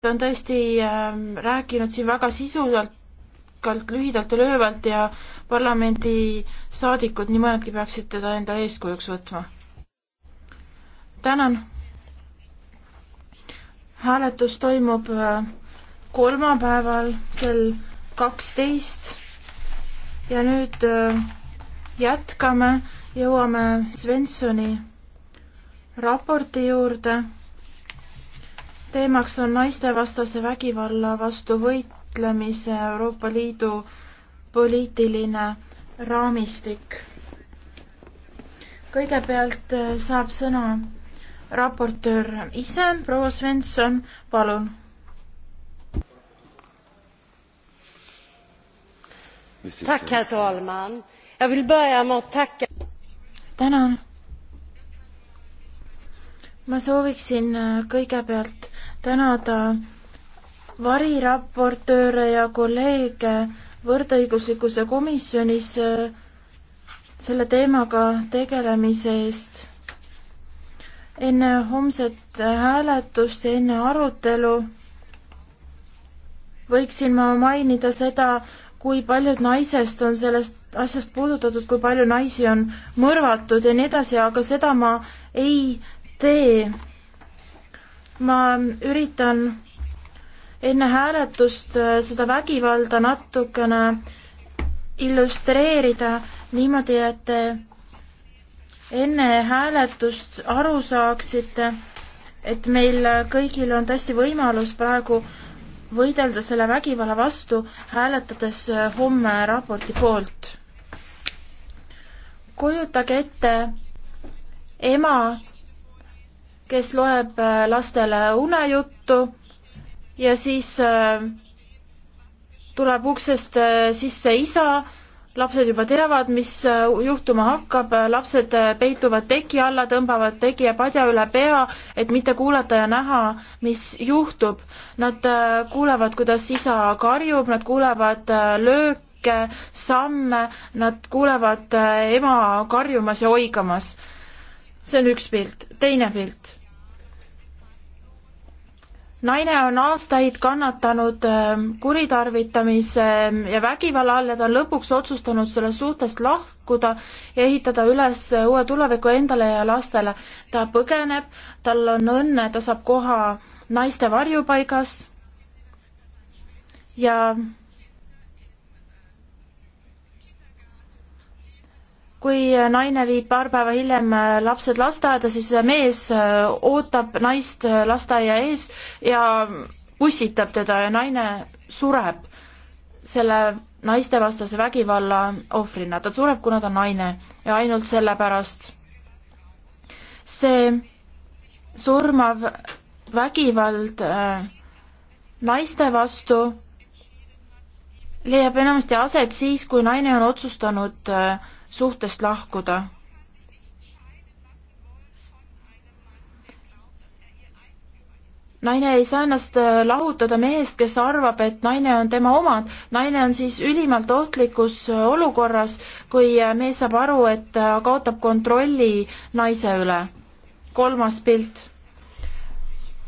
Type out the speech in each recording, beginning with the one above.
ta on tõesti ähm, rääkinud siin väga sisukalt, lühidalt ja löövalt ja parlamendi saadikud nii mõnedki peaksid teda enda eeskujuks võtma. tänan. hääletus toimub äh, kolmapäeval kell kaksteist ja nüüd äh, jätkame, jõuame Svensoni raporti juurde teemaks on naistevastase vägivalla vastu võitlemise Euroopa Liidu poliitiline raamistik. kõigepealt äh, saab sõna raportöör ise, proua Svensson, palun. tänan ma sooviksin äh, kõigepealt tänada variraportööre ja kolleege võrdõiguslikkuse komisjonis äh, selle teemaga tegelemise eest. enne homset hääletust ja enne arutelu võiksin ma mainida seda, kui paljud naisest on sellest asjast puudutatud, kui palju naisi on mõrvatud ja nii edasi, aga seda ma ei tee ma üritan enne hääletust äh, seda vägivalda natukene illustreerida niimoodi, et te enne hääletust aru saaksite, et meil kõigil on tõesti võimalus praegu võidelda selle vägivalla vastu, hääletades äh, homme raporti poolt. kujutage ette ema, kes loeb äh, lastele unejuttu ja siis äh, tuleb uksest äh, sisse isa, lapsed juba teavad, mis juhtuma hakkab, lapsed peituvad teki alla, tõmbavad tegija padja üle pea, et mitte kuulata ja näha, mis juhtub. Nad kuulevad, kuidas isa karjub, nad kuulevad lööke, samme, nad kuulevad ema karjumas ja oigamas. see on üks pilt, teine pilt naine on aastaid kannatanud ähm, kuritarvitamise ja vägivalla all ja ta on lõpuks otsustanud sellest suhtest lahkuda ja ehitada üles uue tuleviku endale ja lastele. ta põgeneb, tal on õnne, ta saab koha naiste varjupaigas ja kui naine viib paar päeva hiljem äh, lapsed lasteaeda, siis mees äh, ootab naist äh, lasteaia ees ja pussitab teda ja naine sureb selle naistevastase vägivalla ohvrina. ta sureb, kuna ta on naine ja ainult sellepärast. see surmav vägivald naiste vastu leiab enamasti aset siis, kui naine on otsustanud äh, suhtest lahkuda. naine ei saa ennast äh, lahutada mehest, kes arvab, et naine on tema omad. naine on siis ülimalt ohtlikus äh, olukorras, kui äh, mees saab aru, et ta kaotab kontrolli naise üle. kolmas pilt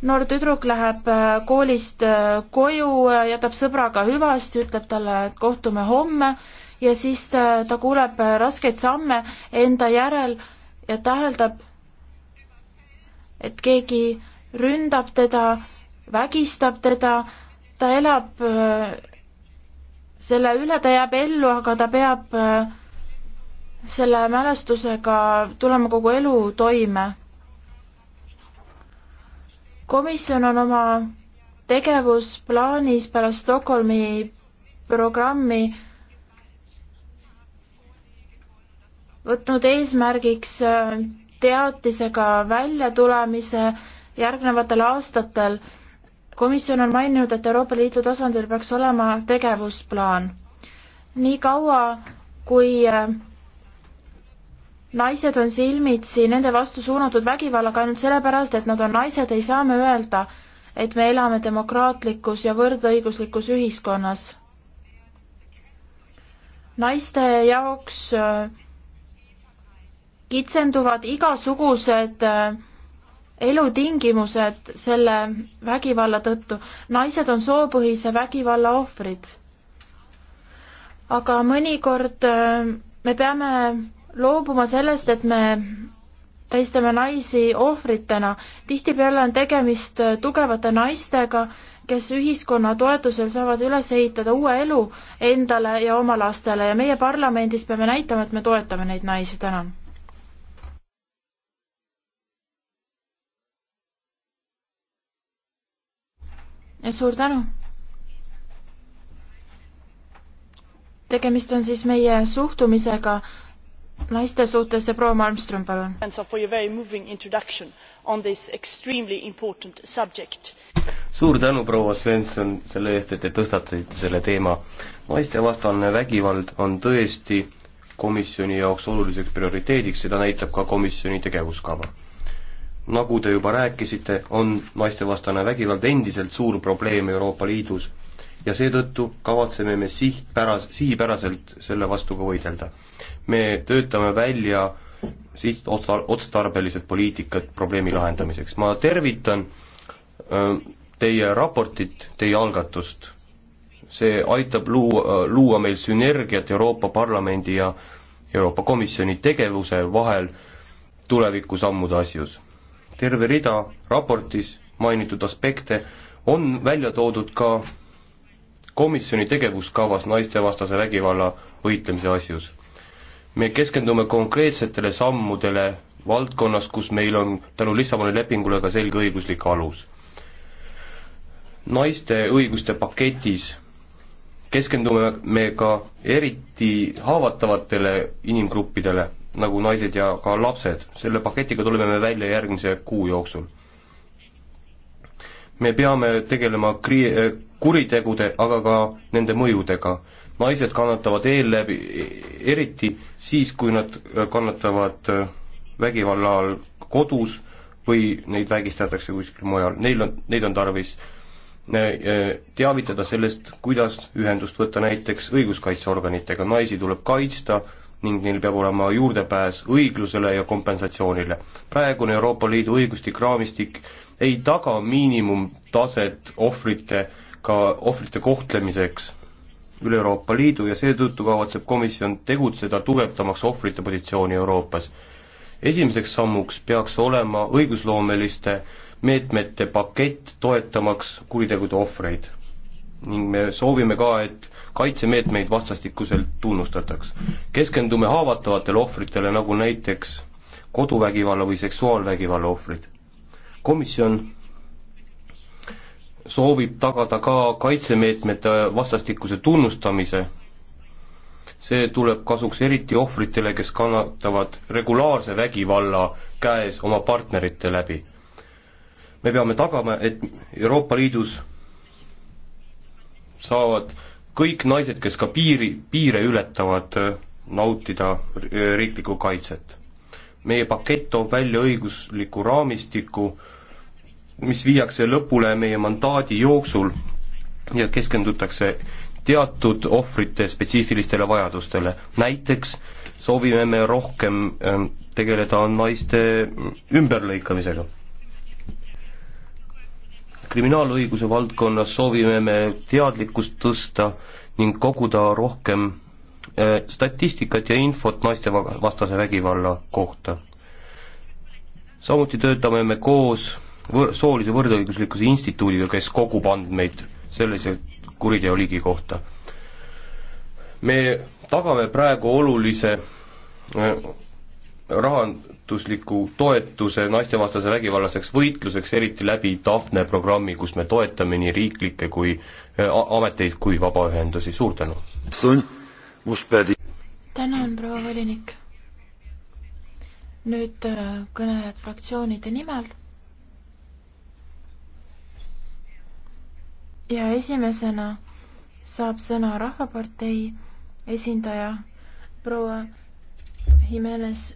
noor tüdruk läheb koolist koju, jätab sõbraga hüvasti, ütleb talle, et kohtume homme ja siis ta, ta kuuleb raskeid samme enda järel ja täheldab, et keegi ründab teda, vägistab teda, ta elab äh, selle üle, ta jääb ellu, aga ta peab äh, selle mälestusega tulema kogu elu toime. komisjon on oma tegevusplaanis pärast Stockholmi programmi võtnud eesmärgiks äh, teatisega välja tulemise järgnevatel aastatel. komisjon on maininud, et Euroopa Liidu tasandil peaks olema tegevusplaan. nii kaua, kui äh, naised on silmitsi nende vastu suunatud vägivallaga ainult sellepärast, et nad on naised, ei saa me öelda, et me elame demokraatlikus ja võrdõiguslikus ühiskonnas. naiste jaoks äh, kitsenduvad igasugused äh, elutingimused selle vägivalla tõttu. naised on soopõhise vägivalla ohvrid. aga mõnikord äh, me peame loobuma sellest, et me tähistame naisi ohvritena. tihtipeale on tegemist äh, tugevate naistega, kes ühiskonna toetusel saavad üles ehitada uue elu endale ja oma lastele ja meie parlamendis peame näitama, et me toetame neid naisi, tänan suur tänu. tegemist on siis meie suhtumisega naiste suhtes ja proua Malmström, palun. suur tänu, proua Svensson, selle eest, et te tõstatasite selle teema. naistevastane vägivald on tõesti komisjoni jaoks oluliseks prioriteediks, seda näitab ka komisjoni tegevuskava nagu te juba rääkisite, on naistevastane vägivald endiselt suur probleem Euroopa Liidus ja seetõttu kavatseme me sihtpäras, sihipäraselt selle vastu ka võidelda. me töötame välja sihtotstar-, otstarbelised poliitikad probleemi lahendamiseks. ma tervitan öö, teie raportit, teie algatust. see aitab luua, luua meil sünergiat Euroopa Parlamendi ja Euroopa Komisjoni tegevuse vahel tulevikusammude asjus terve rida raportis mainitud aspekte on välja toodud ka komisjoni tegevuskavas naistevastase vägivalla võitlemise asjus. me keskendume konkreetsetele sammudele valdkonnas, kus meil on tänu Lissaboni lepingule ka selge õiguslik alus. naiste õiguste paketis keskendume me ka eriti haavatavatele inimgruppidele nagu naised ja ka lapsed. selle paketiga tuleme me välja järgmise kuu jooksul. me peame tegelema kri-, eh, kuritegude, aga ka nende mõjudega. naised kannatavad eelläbi, eriti siis, kui nad eh, kannatavad eh, vägivalla all kodus või neid vägistatakse kuskil mujal, neil on, neid on tarvis teavitada sellest, kuidas ühendust võtta näiteks õiguskaitseorganitega, naisi tuleb kaitsta, ning neil peab olema juurdepääs õiglusele ja kompensatsioonile. praegune Euroopa Liidu õigustik, raamistik ei taga miinimumtaset ohvrite, ka ohvrite kohtlemiseks üle Euroopa Liidu ja seetõttu kavatseb komisjon tegutseda, tugevdamaks ohvrite positsiooni Euroopas. esimeseks sammuks peaks olema õigusloomeliste meetmete pakett, toetamaks kuritegude ohvreid. ning me soovime ka, et kaitsemeetmeid vastastikuselt tunnustataks. keskendume haavatavatele ohvritele, nagu näiteks koduvägivalla või seksuaalvägivalla ohvrid. komisjon soovib tagada ka kaitsemeetmete vastastikuse tunnustamise, see tuleb kasuks eriti ohvritele, kes kannatavad regulaarse vägivalla käes oma partnerite läbi. me peame tagama, et Euroopa Liidus saavad kõik naised, kes ka piiri, piire ületavad, äh, nautida äh, riiklikku kaitset. meie pakett toob välja õigusliku raamistiku, mis viiakse lõpule meie mandaadi jooksul ja keskendutakse teatud ohvrite spetsiifilistele vajadustele, näiteks soovime me rohkem ähm, tegeleda naiste ümberlõikamisega kriminaalõiguse valdkonnas soovime me teadlikkust tõsta ning koguda rohkem äh, statistikat ja infot naistevastase vägivalla kohta. samuti töötame me koos võr-, soolise võrdõiguslikkuse instituudiga, kes kogub andmeid sellise kuriteoliigi kohta. me tagame praegu olulise äh, rahandusliku toetuse naistevastase vägivallaseks võitluseks, eriti läbi Tafne programmi, kus me toetame nii riiklikke kui äh, ameteid kui vabaühendusi, suur tänu! tänan, proua volinik! nüüd äh, kõnelejad fraktsioonide nimel. ja esimesena saab sõna Rahvapartei esindaja proua Jimenez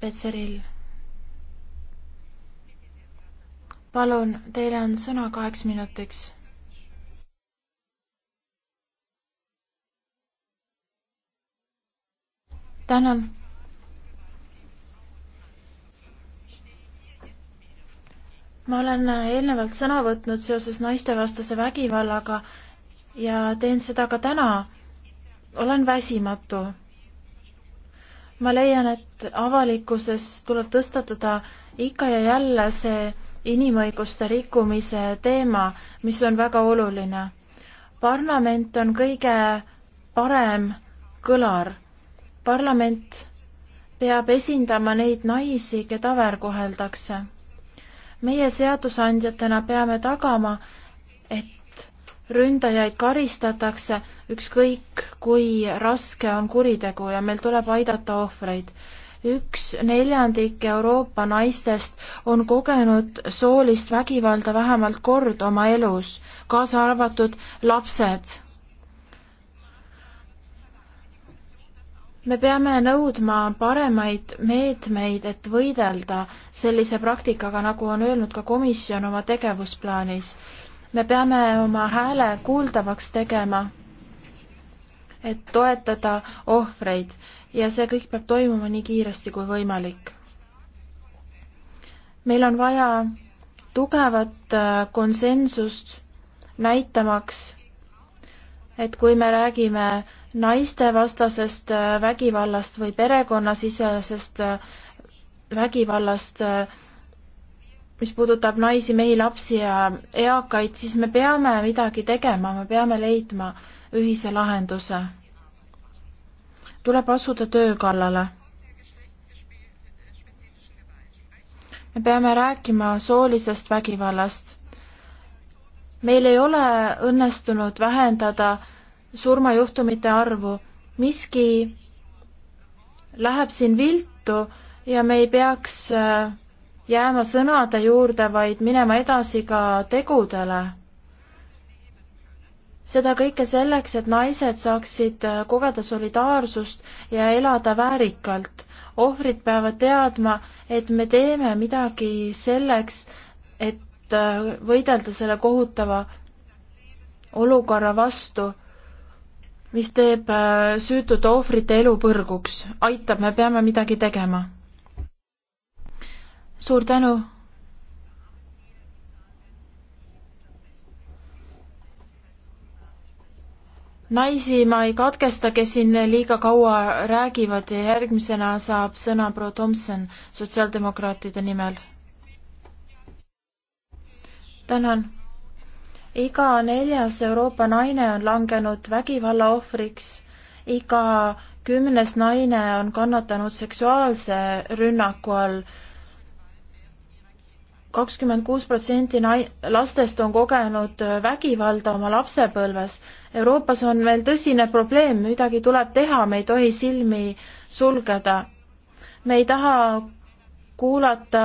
Petseril. palun, teile on sõna kaheks minutiks. tänan. ma olen eelnevalt sõna võtnud seoses naistevastase vägivallaga ja teen seda ka täna. olen väsimatu ma leian, et avalikkuses tuleb tõstatada ikka ja jälle see inimõiguste rikkumise teema, mis on väga oluline. parlament on kõige parem kõlar. parlament peab esindama neid naisi, keda väärkoheldakse. meie seadusandjatena peame tagama, et ründajaid karistatakse, ükskõik kui raske on kuritegu ja meil tuleb aidata ohvreid. üks neljandik Euroopa naistest on kogenud soolist vägivalda vähemalt kord oma elus, kaasa arvatud lapsed. me peame nõudma paremaid meetmeid, et võidelda sellise praktikaga, nagu on öelnud ka komisjon oma tegevusplaanis me peame oma hääle kuuldavaks tegema, et toetada ohvreid ja see kõik peab toimuma nii kiiresti kui võimalik. meil on vaja tugevat äh, konsensust näitamaks, et kui me räägime naistevastasest äh, vägivallast või perekonnasisesest äh, vägivallast, mis puudutab naisi, mehi, lapsi ja eakaid, siis me peame midagi tegema, me peame leidma ühise lahenduse. tuleb asuda töö kallale. me peame rääkima soolisest vägivallast. meil ei ole õnnestunud vähendada surmajuhtumite arvu, miski läheb siin viltu ja me ei peaks äh, jääma sõnade juurde, vaid minema edasi ka tegudele. seda kõike selleks, et naised saaksid äh, kogeda solidaarsust ja elada väärikalt. ohvrid peavad teadma, et me teeme midagi selleks, et äh, võidelda selle kohutava olukorra vastu, mis teeb äh, süütute ohvrite elu põrguks. aitab, me peame midagi tegema suur tänu. naisi ma ei katkesta, kes siin liiga kaua räägivad ja järgmisena saab sõna proua Tomson sotsiaaldemokraatide nimel. tänan. iga neljas Euroopa naine on langenud vägivalla ohvriks, iga kümnes naine on kannatanud seksuaalse rünnaku all kakskümmend kuus protsenti lastest on kogenud äh, vägivalda oma lapsepõlves. Euroopas on meil tõsine probleem, midagi tuleb teha, me ei tohi silmi sulgeda. me ei taha kuulata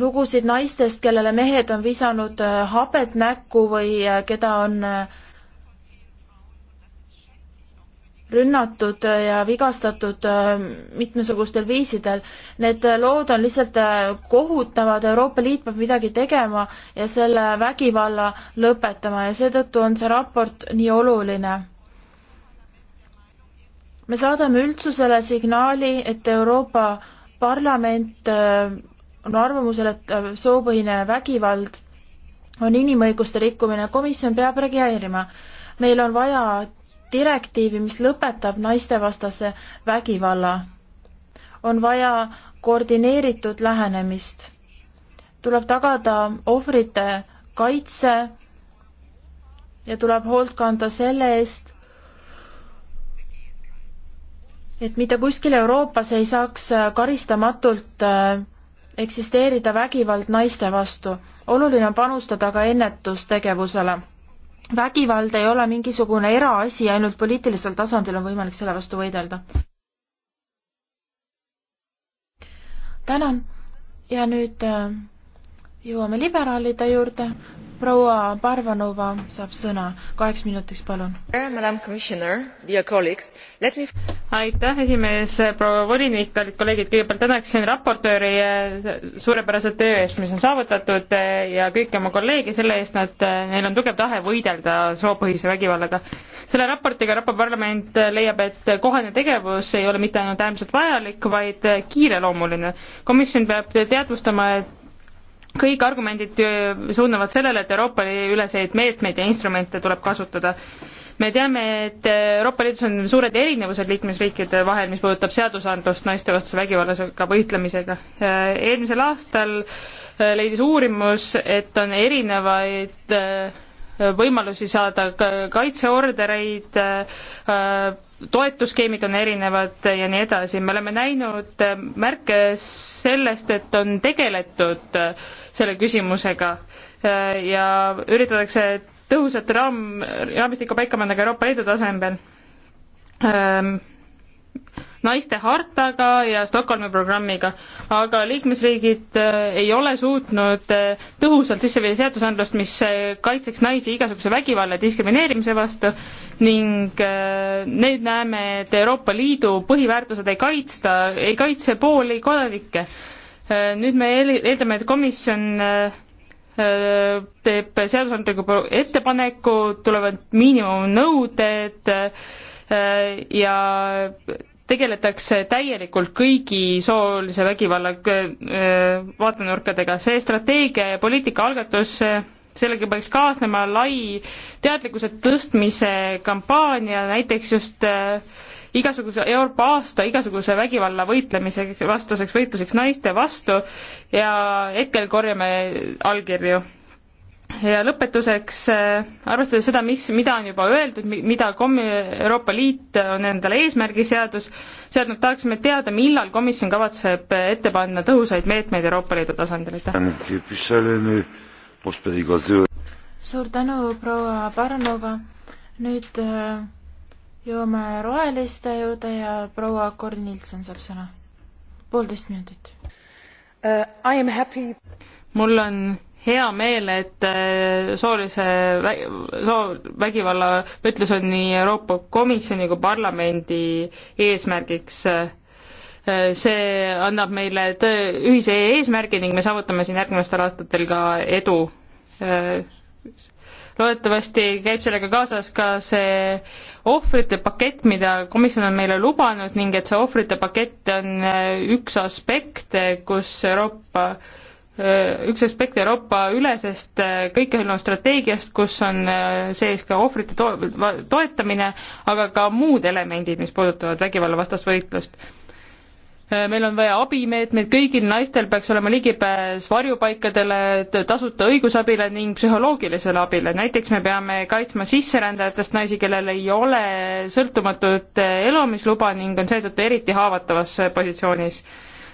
lugusid naistest, kellele mehed on visanud äh, habet näkku või äh, keda on äh, rünnatud ja vigastatud äh, mitmesugustel viisidel. Need äh, lood on lihtsalt äh, kohutavad, Euroopa Liit peab midagi tegema ja selle vägivalla lõpetama ja seetõttu on see raport nii oluline. me saadame üldsusele signaali, et Euroopa Parlament on arvamusel, et soopõhine vägivald on inimõiguste rikkumine, komisjon peab reageerima. meil on vaja direktiivi, mis lõpetab naistevastase vägivalla. on vaja koordineeritud lähenemist. tuleb tagada ohvrite kaitse ja tuleb hoolt kanda selle eest, et mitte kuskil Euroopas ei saaks karistamatult äh, eksisteerida vägivald naiste vastu. oluline on panustada ka ennetustegevusele vägivald ei ole mingisugune eraasi, ainult poliitilisel tasandil on võimalik selle vastu võidelda. tänan ja nüüd äh, jõuame liberaalide juurde proua Parvanova saab sõna kaheks minutiks, palun. aitäh, esimees, proua volinik, kallid kolleegid, kõigepealt tänaksin raportööri eh, suurepärase töö eest, mis on saavutatud eh, ja kõiki oma kolleege selle eest, nad, eh, neil on tugev tahe võidelda soopõhise vägivallaga. selle raportiga Euroopa Parlament leiab, et kohane tegevus ei ole mitte ainult äärmiselt vajalik, vaid kiireloomuline. komisjon peab teadvustama, et kõik argumendid äh, suunavad sellele, et Euroopa üleseid meetmeid ja instrumente tuleb kasutada. me teame, et Euroopa Liidus on suured erinevused liikmesriikide vahel, mis puudutab seadusandlust naistevastase vägivallasega võitlemisega. Äh, eelmisel aastal äh, leidis uurimus, et on erinevaid võimalusi saada kaitseordereid, toetusskeemid on erinevad ja nii edasi, me oleme näinud äh, märke sellest, et on tegeletud äh, selle küsimusega äh, ja üritatakse tõhusat raam, raamistikku paika panna ka Euroopa Liidu tasemel naiste hartaga ja Stockholmi programmiga, aga liikmesriigid äh, ei ole suutnud äh, tõhusalt sisse viia seadusandlust, mis äh, kaitseks naisi igasuguse vägivalla ja diskrimineerimise vastu ning nüüd näeme, et Euroopa Liidu põhiväärtused ei kaitsta, ei kaitse pooli kodanikke. nüüd me eeldame, et komisjon teeb seadusandliku ettepaneku, tulevad miinimumnõuded ja tegeletakse täielikult kõigi soolise vägivalla äh, vaatenurkadega. see strateegia ja poliitika algatus äh, sellega peaks kaasnema lai teadlikkuse tõstmise kampaania, näiteks just äh, igasuguse Euroopa aasta igasuguse vägivalla võitlemise vastaseks võitluseks naiste vastu ja hetkel korjame allkirju ja lõpetuseks, äh, arvestades seda, mis, mida on juba öeldud, mida kom-, Euroopa Liit on endale eesmärgi seadus, seadnud, tahaksime teada, millal komisjon kavatseb ette panna tõhusaid meetmeid Euroopa Liidu tasandil, aitäh! suur tänu, proua Barnova, nüüd äh, jõuame roheliste juurde ja proua Kornilson saab sõna. poolteist minutit uh,. mul on hea meel, et äh, soolise vä-, soovägivalla võitlus on nii Euroopa Komisjoni kui parlamendi eesmärgiks. Äh, see annab meile tõ-, ühise eesmärgi ning me saavutame siin järgmistel aastatel ka edu. Äh, loodetavasti käib sellega kaasas ka see ohvrite pakett, mida komisjon on meile lubanud ning et see ohvrite pakett on üks aspekte, kus Euroopa Äh, üks aspekt Euroopa ülesest äh, kõikehõlmavast strateegiast, kus on äh, sees ka ohvrite to toetamine, aga ka muud elemendid, mis puudutavad vägivallavastast võitlust. meil on vaja abimeetmeid, kõigil naistel peaks olema ligipääs varjupaikadele, tasuta õigusabile ning psühholoogilisele abile, näiteks me peame kaitsma sisserändajatest naisi, kellel ei ole sõltumatut elamisluba ning on seetõttu eriti haavatavas positsioonis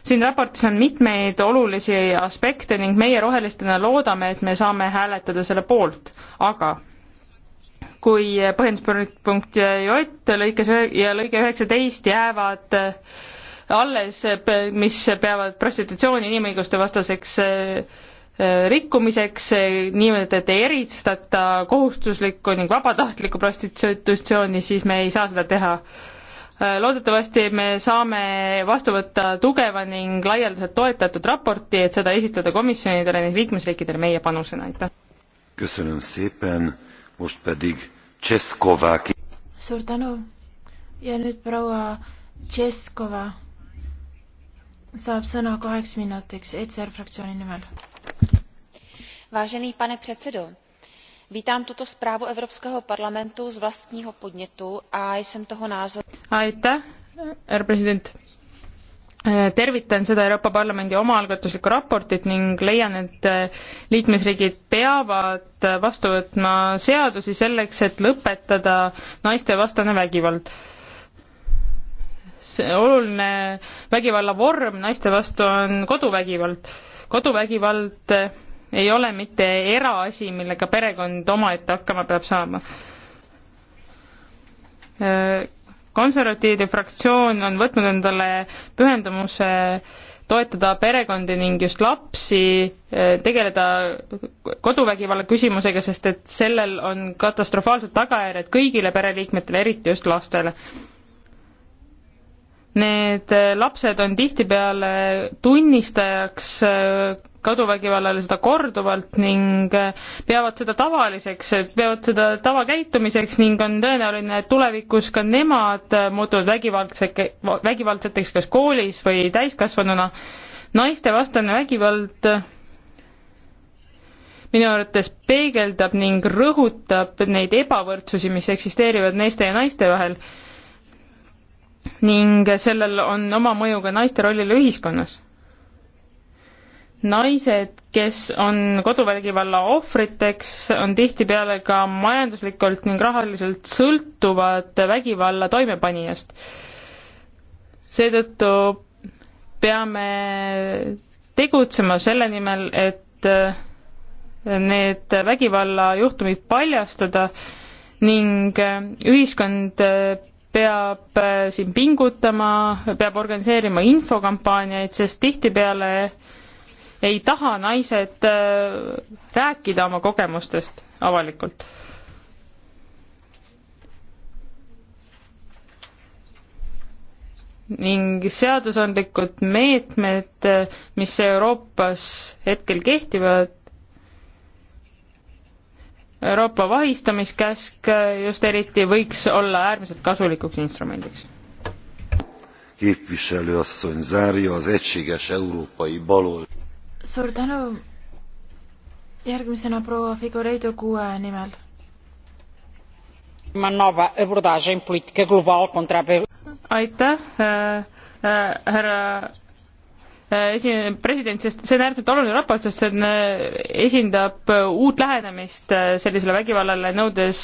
siin raportis on mitmeid olulisi aspekte ning meie rohelistena loodame, et me saame hääletada selle poolt, aga kui põhjenduspunkt J lõikes ja lõige üheksateist jäävad alles, mis peavad prostitutsiooni inimõiguste vastaseks eh, rikkumiseks, eh, niimoodi, et ei eristata kohustuslikku ning vabatahtlikku prostitutsiooni, siis me ei saa seda teha Äh, loodetavasti me saame vastu võtta tugeva ning laialdaselt toetatud raporti, et seda esitleda komisjonidele ning liikmesriikidele meie panusena, aitäh! suur tänu ja nüüd proua Tšeskova saab sõna kaheks minutiks ECR fraktsiooni nimel. Vážený pane předsedo, vítám tuto zprávu evropského parlamentu z vlastního podnětu a jsem toho názoru aitäh härra president eh, tervitan seda Euroopa Parlamendi omaalgatuslikku raportit ning leian, et eh, liikmesriigid peavad vastu võtma seadusi selleks, et lõpetada naistevastane vägivald. see oluline vägivalla vorm naiste vastu on koduvägivald. koduvägivald eh, ei ole mitte eraasi, millega perekond omaette hakkama peab saama. konservatiivide fraktsioon on võtnud endale pühendumuse toetada perekondi ning just lapsi, eh, tegeleda koduvägivalla küsimusega, sest et sellel on katastrofaalsed tagajärjed kõigile pereliikmetele, eriti just lastele. Need eh, lapsed on tihtipeale tunnistajaks eh, koduvägivallale seda korduvalt ning äh, peavad seda tavaliseks, peavad seda tavakäitumiseks ning on tõenäoline, et tulevikus ka nemad äh, muutuvad vägivaldseke, vägivaldseteks kas koolis või täiskasvanuna. naistevastane vägivald äh, minu arvates peegeldab ning rõhutab neid ebavõrdsusi, mis eksisteerivad meeste ja naiste vahel ning sellel on oma mõju ka naiste rollile ühiskonnas naised, kes on koduvägivalla ohvriteks, on tihtipeale ka majanduslikult ning rahaliselt sõltuvad vägivalla toimepanijast. seetõttu peame tegutsema selle nimel, et äh, need vägivallajuhtumid paljastada ning äh, ühiskond äh, peab siin pingutama, peab organiseerima infokampaaniaid, sest tihtipeale ei taha naised äh, rääkida oma kogemustest avalikult. ning seadusandlikud meetmed, mis Euroopas hetkel kehtivad, Euroopa vahistamiskäsk just eriti võiks olla äärmiselt kasulikuks instrumendiks. képviselőasszony zárja az egységes európai baloldal suur tänu. järgmisena proua Figureidu kuue nimel. aitäh äh, äh,, härra äh, esimene president, sest see on äärmiselt oluline raport, sest see on, äh, esindab äh, uut lähenemist sellisele vägivallale, nõudes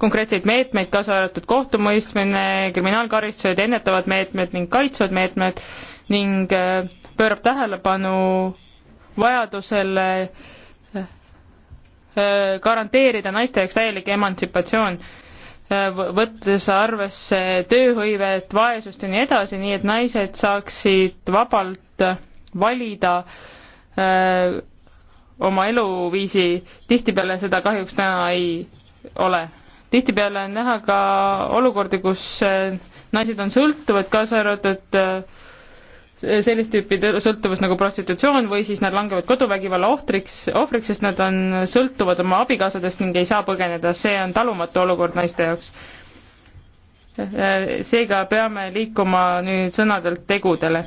konkreetseid meetmeid, kaasa arvatud kohtumõistmine, kriminaalkaristused, ennetavad meetmed ning kaitsvad meetmed ning pöörab tähelepanu vajadusel eh, eh, garanteerida naiste jaoks täielik emantsipatsioon, eh, võttes arvesse tööhõivet, vaesust ja nii edasi, nii et naised saaksid vabalt valida öö, oma eluviisi, tihtipeale seda kahjuks täna ei ole. tihtipeale on näha ka olukordi, kus naised on sõltuvad, kaasa arvatud öö, sellist tüüpi sõltuvus nagu prostitutsioon või siis nad langevad koduvägivalla ohtriks, ohvriks, sest nad on, sõltuvad oma abikaasadest ning ei saa põgeneda, see on talumatu olukord naiste jaoks. seega peame liikuma nüüd sõnadelt tegudele.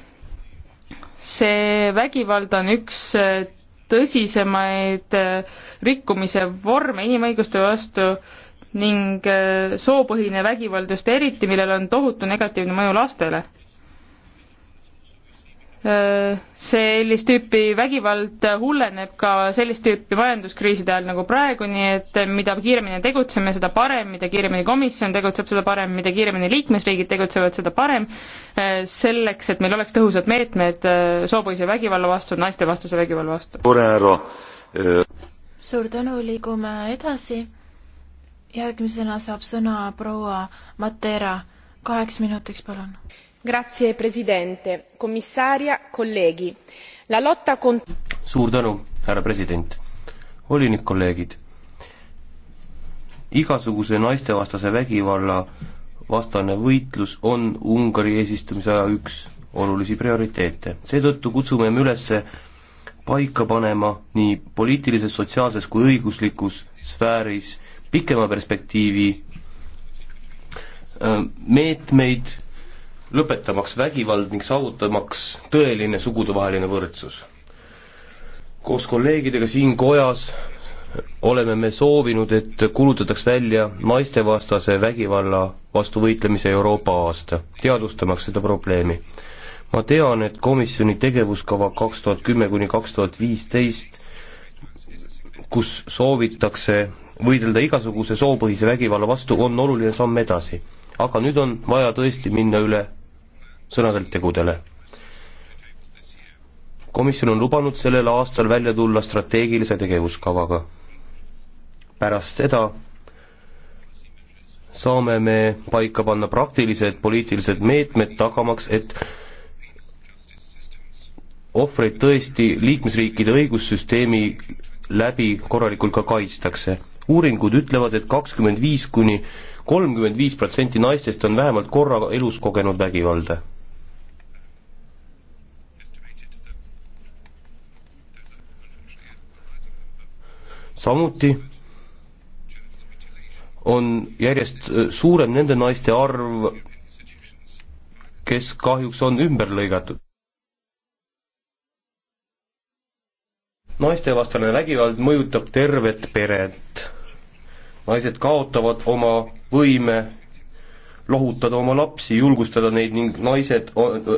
see vägivald on üks äh, tõsisemaid äh, rikkumise vorme inimõiguste vastu ning äh, soopõhine vägivald just eriti, millel on tohutu negatiivne mõju lastele sellist tüüpi vägivald hulleneb ka sellist tüüpi majanduskriiside ajal nagu praegu, nii et mida kiiremini tegutseme, seda parem, mida kiiremini komisjon tegutseb, seda parem, mida kiiremini liikmesriigid tegutsevad, seda parem, selleks, et meil oleks tõhusad meetmed soopõhise vägivalla vastu, naistevastase vägivalla vastu. suur tänu, liigume edasi. järgmisena saab sõna proua Matera, kaheks minutiks, palun signor presidente onorevoli colleghi commissaria la lotta contro. suur tänu härra president volinik kolleegid igasuguse naistevastase vägivalla vastane võitlus on ungari eesistumise aja üks olulisi prioriteete seetõttu kutsume me üles paika panema nii poliitilises sotsiaalses kui õiguslikus sfääris pikema perspektiivi äh, meetmeid lõpetamaks vägivald ning saavutamaks tõeline sugudevaheline võrdsus. koos kolleegidega siin kojas oleme me soovinud, et kuulutataks välja naistevastase vägivalla vastu võitlemise Euroopa aasta, teadvustamaks seda probleemi. ma tean, et komisjoni tegevuskava kaks tuhat kümme kuni kaks tuhat viisteist, kus soovitakse võidelda igasuguse soopõhise vägivalla vastu, on oluline samm edasi. aga nüüd on vaja tõesti minna üle sõnadelt tegudele. komisjon on lubanud sellel aastal välja tulla strateegilise tegevuskavaga. pärast seda saame me paika panna praktilised poliitilised meetmed, tagamaks, et ohvreid tõesti liikmesriikide õigussüsteemi läbi korralikult ka kaitstakse. uuringud ütlevad et, et kakskümmend viis kuni kolmkümmend viis protsenti naistest on vähemalt korra elus kogenud vägivalda samuti on järjest äh, suurem nende naiste arv, kes kahjuks on ümber lõigatud. naistevastane vägivald mõjutab tervet peret. naised kaotavad oma võime lohutada oma lapsi, julgustada neid ning naised,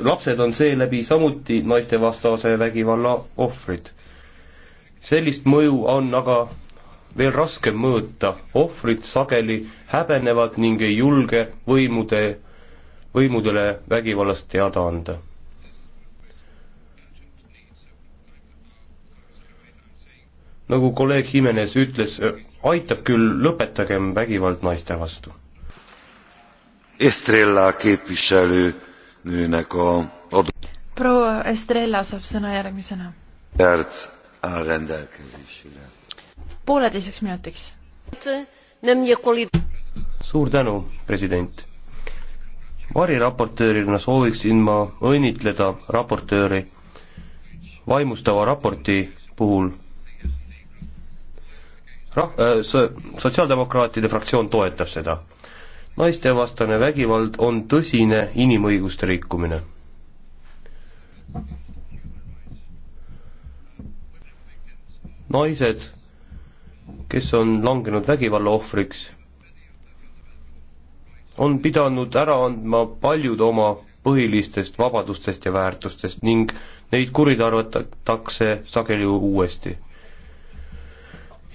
lapsed on seeläbi samuti naistevastase vägivalla ohvrid sellist mõju on aga veel raske mõõta, ohvrid sageli häbenevad ning ei julge võimude, võimudele vägivallast teada anda. nagu kolleeg Jimenez ütles, aitab küll, lõpetagem vägivald naiste vastu. Estrella képviselő nőnek a proua Estrella saab sõna järgmisena. Järts áll rendelkezésére. pooleteiseks minutiks. suur tänu, president. variraportöörina sooviksin ma õnnitleda raportööri vaimustava raporti puhul rah-, äh, sotsiaaldemokraatide fraktsioon toetab seda. naistevastane vägivald on tõsine inimõiguste rikkumine. naised, kes on langenud vägivalla ohvriks, on pidanud ära andma paljud oma põhilistest vabadustest ja väärtustest ning neid kuritarvitatakse sageli uuesti.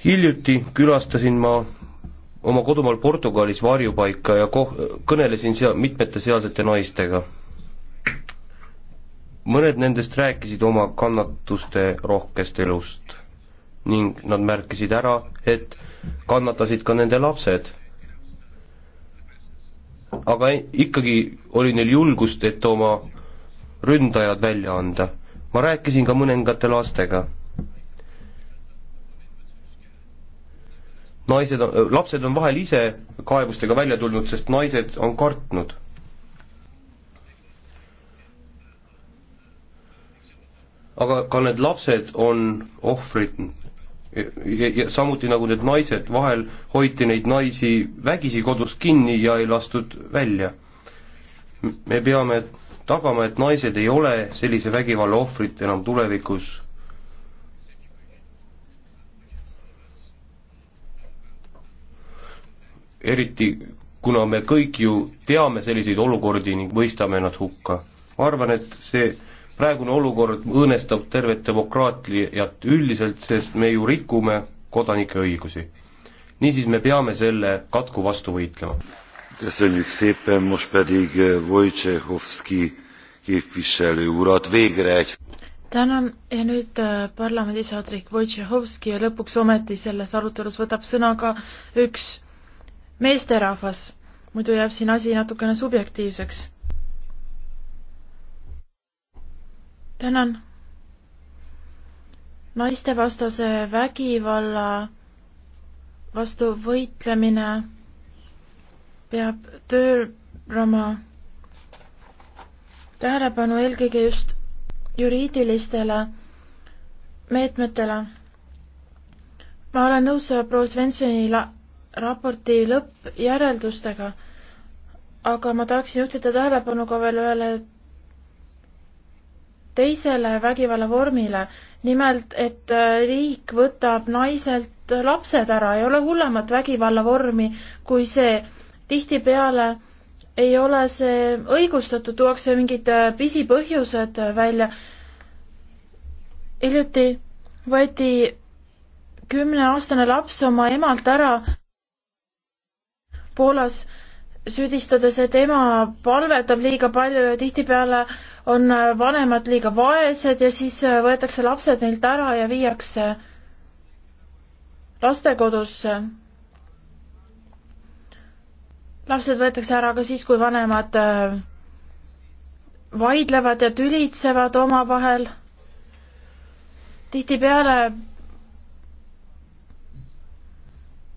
hiljuti külastasin ma oma kodumaal Portugalis varjupaika ja koh-, kõnelesin seal mitmete sealsete naistega. mõned nendest rääkisid oma kannatuste rohkest elust ning nad märkisid ära, et kannatasid ka nende lapsed. aga ikkagi oli neil julgust, et oma ründajad välja anda. ma rääkisin ka mõningate lastega. naised, lapsed on vahel ise kaebustega välja tulnud, sest naised on kartnud aga ka need lapsed on ohvrid. Ja, ja samuti nagu need naised, vahel hoiti neid naisi vägisi kodus kinni ja ei lastud välja. me peame tagama, et naised ei ole sellise vägivalla ohvrid enam tulevikus. eriti kuna me kõik ju teame selliseid olukordi ning mõistame nad hukka. ma arvan, et see praegune olukord õõnestab tervet demokraatiat üldiselt, sest me ju rikume kodanike õigusi. niisiis me peame selle katku vastu võitlema. Köszönjük szépen, most pedig eh, Wojciechowski képviselő urat végre egy... tänan ja nüüd eh, parlamendisaadrik Wojciechowski ja lõpuks ometi selles arutelus võtab sõna ka üks meesterahvas, muidu jääb siin asi natukene subjektiivseks tänan. naistevastase vägivalla vastu võitlemine peab töörama tähelepanu eelkõige just juriidilistele meetmetele. ma olen nõus proua Svensoni raporti lõppjäreldustega, aga ma tahaksin juhtida tähelepanu ka veel ühele teisele vägivallavormile. nimelt, et äh, riik võtab naiselt lapsed ära, ei ole hullemat vägivallavormi kui see. tihtipeale ei ole see õigustatud, tuuakse mingid äh, pisipõhjused välja. hiljuti võeti kümneaastane laps oma emalt ära Poolas, süüdistades, et ema palvetab liiga palju ja tihtipeale äh, on vanemad liiga vaesed ja siis äh, võetakse lapsed neilt ära ja viiakse lastekodusse. lapsed võetakse ära ka siis, kui vanemad äh, vaidlevad ja tülitsevad omavahel. tihtipeale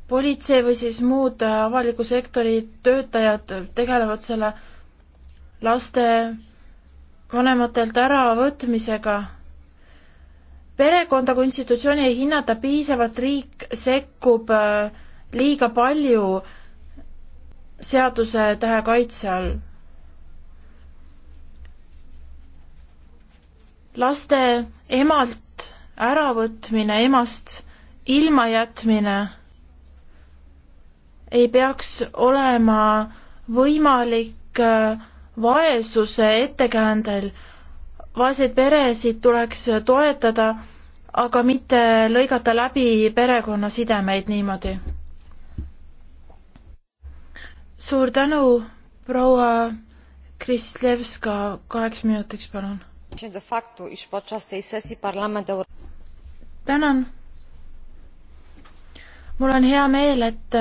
politsei või siis muud äh, avaliku sektori töötajad tegelevad selle laste vanematelt äravõtmisega. perekonda kui institutsiooni ei hinnata piisavalt, riik sekkub äh, liiga palju seaduse tähe kaitse all. laste emalt äravõtmine, emast ilmajätmine ei peaks olema võimalik äh, vaesuse ettekäändel. vaeseid peresid tuleks toetada, aga mitte lõigata läbi perekonnasidemeid niimoodi. suur tänu, proua Kristlevska, kaheks minutiks, palun. tänan. mul on hea meel, et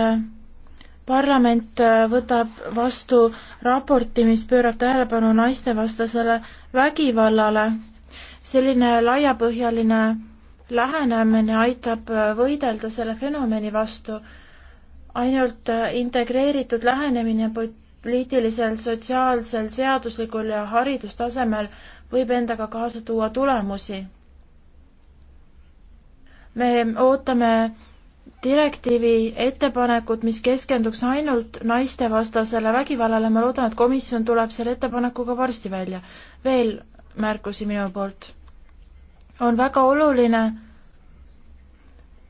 parlament äh, võtab vastu raporti, mis pöörab tähelepanu naistevastasele vägivallale. selline laiapõhjaline lähenemine aitab äh, võidelda selle fenomeni vastu. ainult äh, integreeritud lähenemine poliitilisel, sotsiaalsel, seaduslikul ja haridustasemel võib endaga kaasa tuua tulemusi. me ootame direktiivi ettepanekut, mis keskenduks ainult naistevastasele vägivallale, ma loodan, et komisjon tuleb selle ettepanekuga varsti välja. veel märkusi minu poolt. on väga oluline,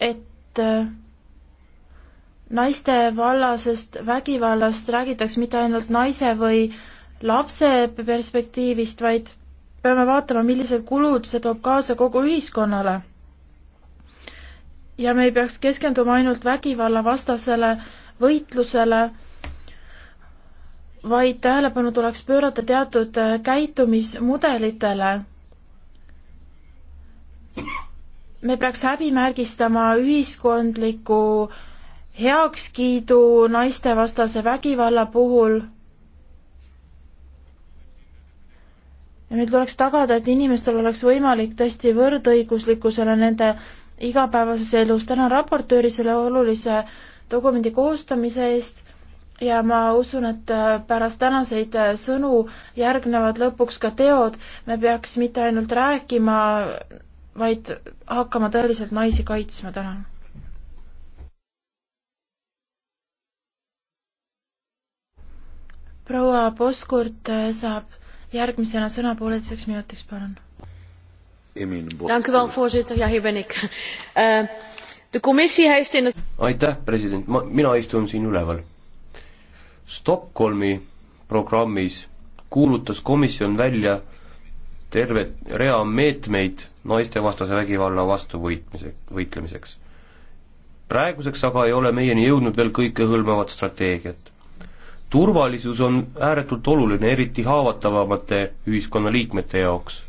et äh, naistevallasest vägivallast räägitakse mitte ainult naise või lapse perspektiivist, vaid peame vaatama, millised kulud see toob kaasa kogu ühiskonnale ja me ei peaks keskenduma ainult vägivallavastasele võitlusele, vaid tähelepanu tuleks pöörata teatud käitumismudelitele. me peaks häbimärgistama ühiskondliku heakskiidu naistevastase vägivalla puhul. ja meil tuleks tagada, et inimestel oleks võimalik tõesti võrdõiguslikkusele nende igapäevases elus. tänan raportööri selle olulise dokumendi koostamise eest ja ma usun, et äh, pärast tänaseid äh, sõnu järgnevad lõpuks ka teod. me peaks mitte ainult rääkima, vaid hakkama tõeliselt naisi kaitsma. tänan. proua Poskurt äh, saab järgmisena sõna pooleteiseks minutiks, palun voorzitter ja hier ben ik. Eh, de commissie heeft in het. aitäh president ma mina istun siin üleval. Stockholmi programmis kuulutas komisjon välja terve rea meetmeid naistevastase vägivalla vastu võitmise, võitlemiseks. praeguseks aga ei ole meieni jõudnud veel kõikehõlmavat strateegiat turvalisus on ääretult oluline, eriti haavatavamate ühiskonnaliikmete jaoks.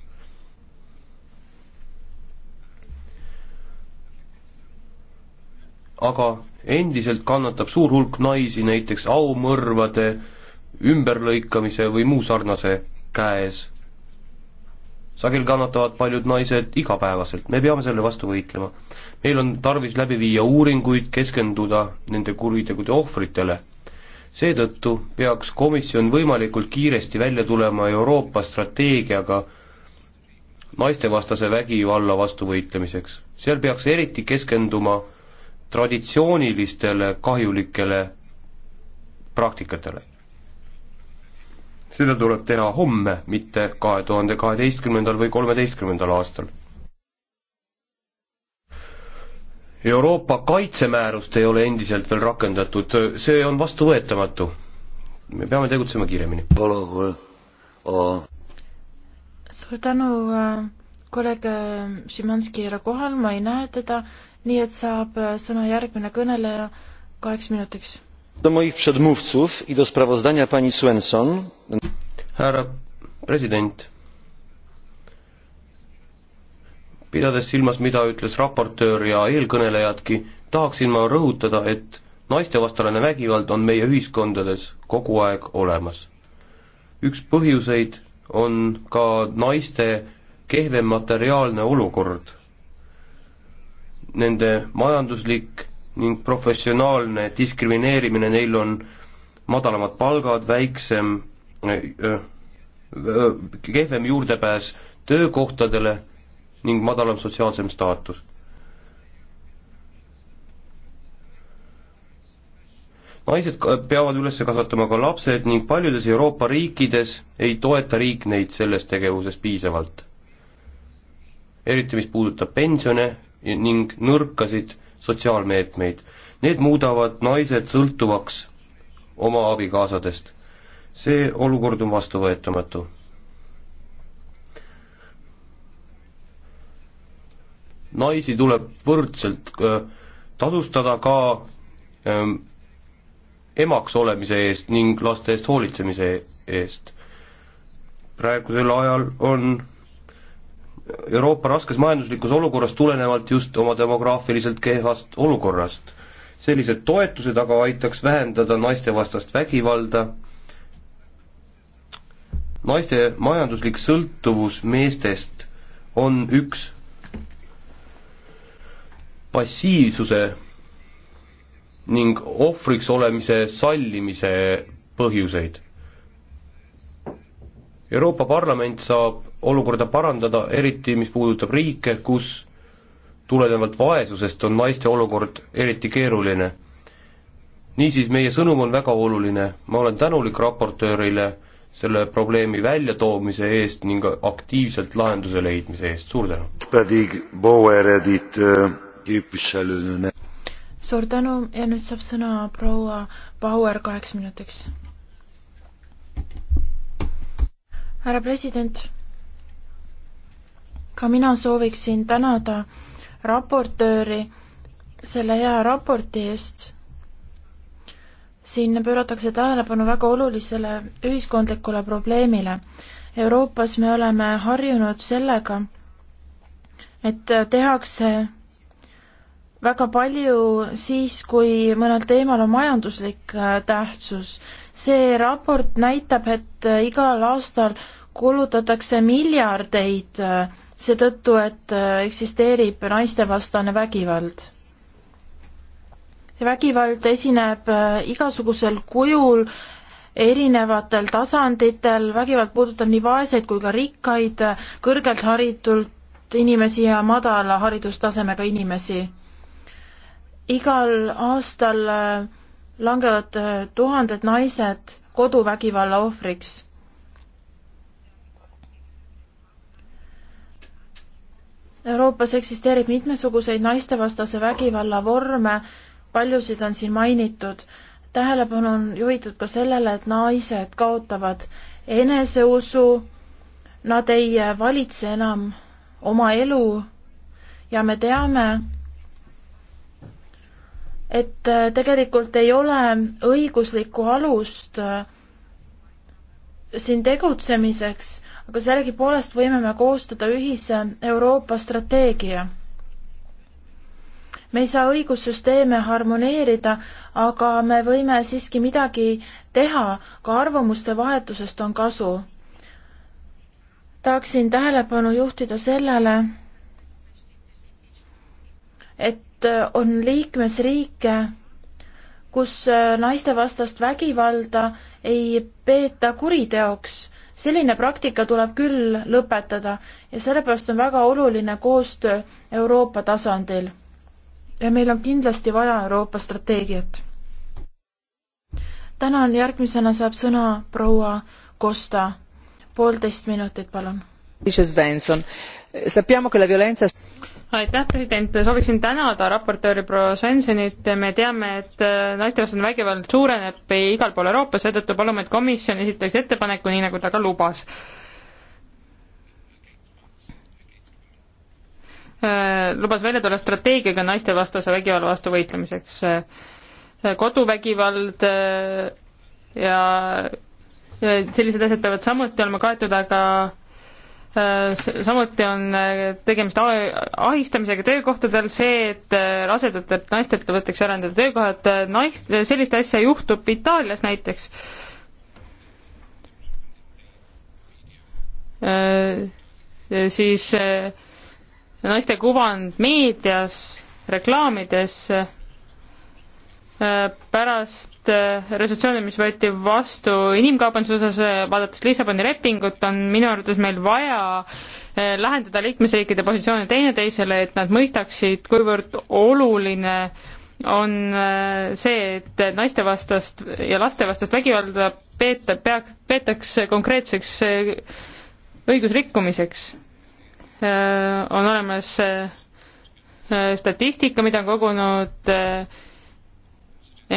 aga endiselt kannatab suur hulk naisi näiteks aumõrvade, ümberlõikamise või muu sarnase käes. sageli kannatavad paljud naised igapäevaselt, me peame selle vastu võitlema. meil on tarvis läbi viia uuringuid, keskenduda nende kuritegude ohvritele. seetõttu peaks komisjon võimalikult kiiresti välja tulema Euroopa strateegiaga naistevastase vägivalla vastu võitlemiseks. seal peaks eriti keskenduma traditsioonilistele kahjulikele praktikatele. seda tuleb teha homme, mitte kahe tuhande kaheteistkümnendal või kolmeteistkümnendal aastal. Euroopa kaitsemäärust ei ole endiselt veel rakendatud, see on vastuvõetamatu. me peame tegutsema kiiremini. suur tänu, kolleeg Šimanski ei ole kohal, ma ei näe teda nii et saab äh, sõna järgmine kõneleja kaheks minutiks. do moich przedmówców i do sprawozdania pani Swenson. härra president. pidades silmas, mida ütles raportöör ja eelkõnelejadki, tahaksin ma rõhutada, et naistevastane vägivald on meie ühiskondades kogu aeg olemas. üks põhjuseid on ka naiste kehvem materiaalne olukord nende majanduslik ning professionaalne diskrimineerimine, neil on madalamad palgad, väiksem, eh, eh, eh, kehvem juurdepääs töökohtadele ning madalam sotsiaalsem staatus. naised peavad üles kasvatama ka lapsed ning paljudes Euroopa riikides ei toeta riik neid selles tegevuses piisavalt. eriti mis puudutab pensione ning nõrkasid sotsiaalmeetmeid. Need muudavad naised sõltuvaks oma abikaasadest. see olukord on vastuvõetamatu. naisi tuleb võrdselt äh, tasustada ka ähm, emaks olemise eest ning laste eest hoolitsemise eest. praegusel ajal on Euroopa raskes majanduslikus olukorras tulenevalt just oma demograafiliselt kehvast olukorrast. sellised toetused aga aitaks vähendada naistevastast vägivalda, naiste majanduslik sõltuvus meestest on üks passiivsuse ning ohvriks olemise sallimise põhjuseid. Euroopa Parlament saab olukorda parandada, eriti mis puudutab riike, kus tulenevalt vaesusest on naiste olukord eriti keeruline. niisiis, meie sõnum on väga oluline, ma olen tänulik raportöörile selle probleemi väljatoomise eest ning aktiivselt lahenduse leidmise eest, suur tänu! suur tänu ja nüüd saab sõna proua Bauer kaheks minutiks. härra president ka mina sooviksin tänada raportööri selle hea raporti eest. siin pööratakse tähelepanu väga olulisele ühiskondlikule probleemile. Euroopas me oleme harjunud sellega, et tehakse väga palju siis, kui mõnel teemal on majanduslik äh, tähtsus. see raport näitab, et igal aastal kulutatakse miljardeid äh, seetõttu, et äh, eksisteerib naistevastane vägivald. see vägivald esineb äh, igasugusel kujul, erinevatel tasanditel, vägivald puudutab nii vaeseid kui ka rikkaid, kõrgelt haritult inimesi ja madala haridustasemega inimesi. igal aastal äh, langevad tuhanded naised koduvägivalla ohvriks Euroopas eksisteerib mitmesuguseid naistevastase vägivalla vorme, paljusid on siin mainitud. tähelepanu on juhitud ka sellele, et naised kaotavad eneseusu, nad ei valitse enam oma elu ja me teame, et tegelikult ei ole õiguslikku alust äh, siin tegutsemiseks aga sellegipoolest võime me koostada ühise Euroopa strateegia. me ei saa õigussüsteeme harmoneerida, aga me võime siiski midagi teha, ka arvamuste vahetusest on kasu. tahaksin tähelepanu juhtida sellele, et on liikmesriike, kus naistevastast vägivalda ei peeta kuriteoks selline praktika tuleb küll lõpetada ja sellepärast on väga oluline koostöö Euroopa tasandil. ja meil on kindlasti vaja Euroopa strateegiat. tänan, järgmisena saab sõna proua Costa. poolteist minutit, palun. Sappiamo che la violenza aitäh, president, sooviksin tänada raportööri proua Svenssonit, me teame, et äh, naistevastane vägivald suureneb igal pool Euroopas, seetõttu palume, et komisjon esitaks ettepaneku, nii nagu ta ka lubas. Äh, lubas välja tulla strateegiaga naistevastase vägivalla vastu võitlemiseks. Äh, koduvägivald ja sellised asjad peavad samuti olema kaetud, aga Äh, samuti on äh, tegemist ahistamisega töökohtadel, see, et rasedatelt äh, naistelt võetakse ära nende töökohad, naist, sellist asja juhtub Itaalias näiteks. siis naiste kuvand meedias, reklaamides Äh, pärast äh, resolutsiooni, mis võeti vastu inimkaubanduse osas, äh, vaadates Lissaboni lepingut, on minu arvates meil vaja lähendada liikmesriikide positsioone teineteisele, et nad mõistaksid, kuivõrd oluline on see, et naistevastast ja lastevastast vägivalda peeta, pea, peetaks konkreetseks õigusrikkumiseks. on olemas statistika, mida on kogunud äh,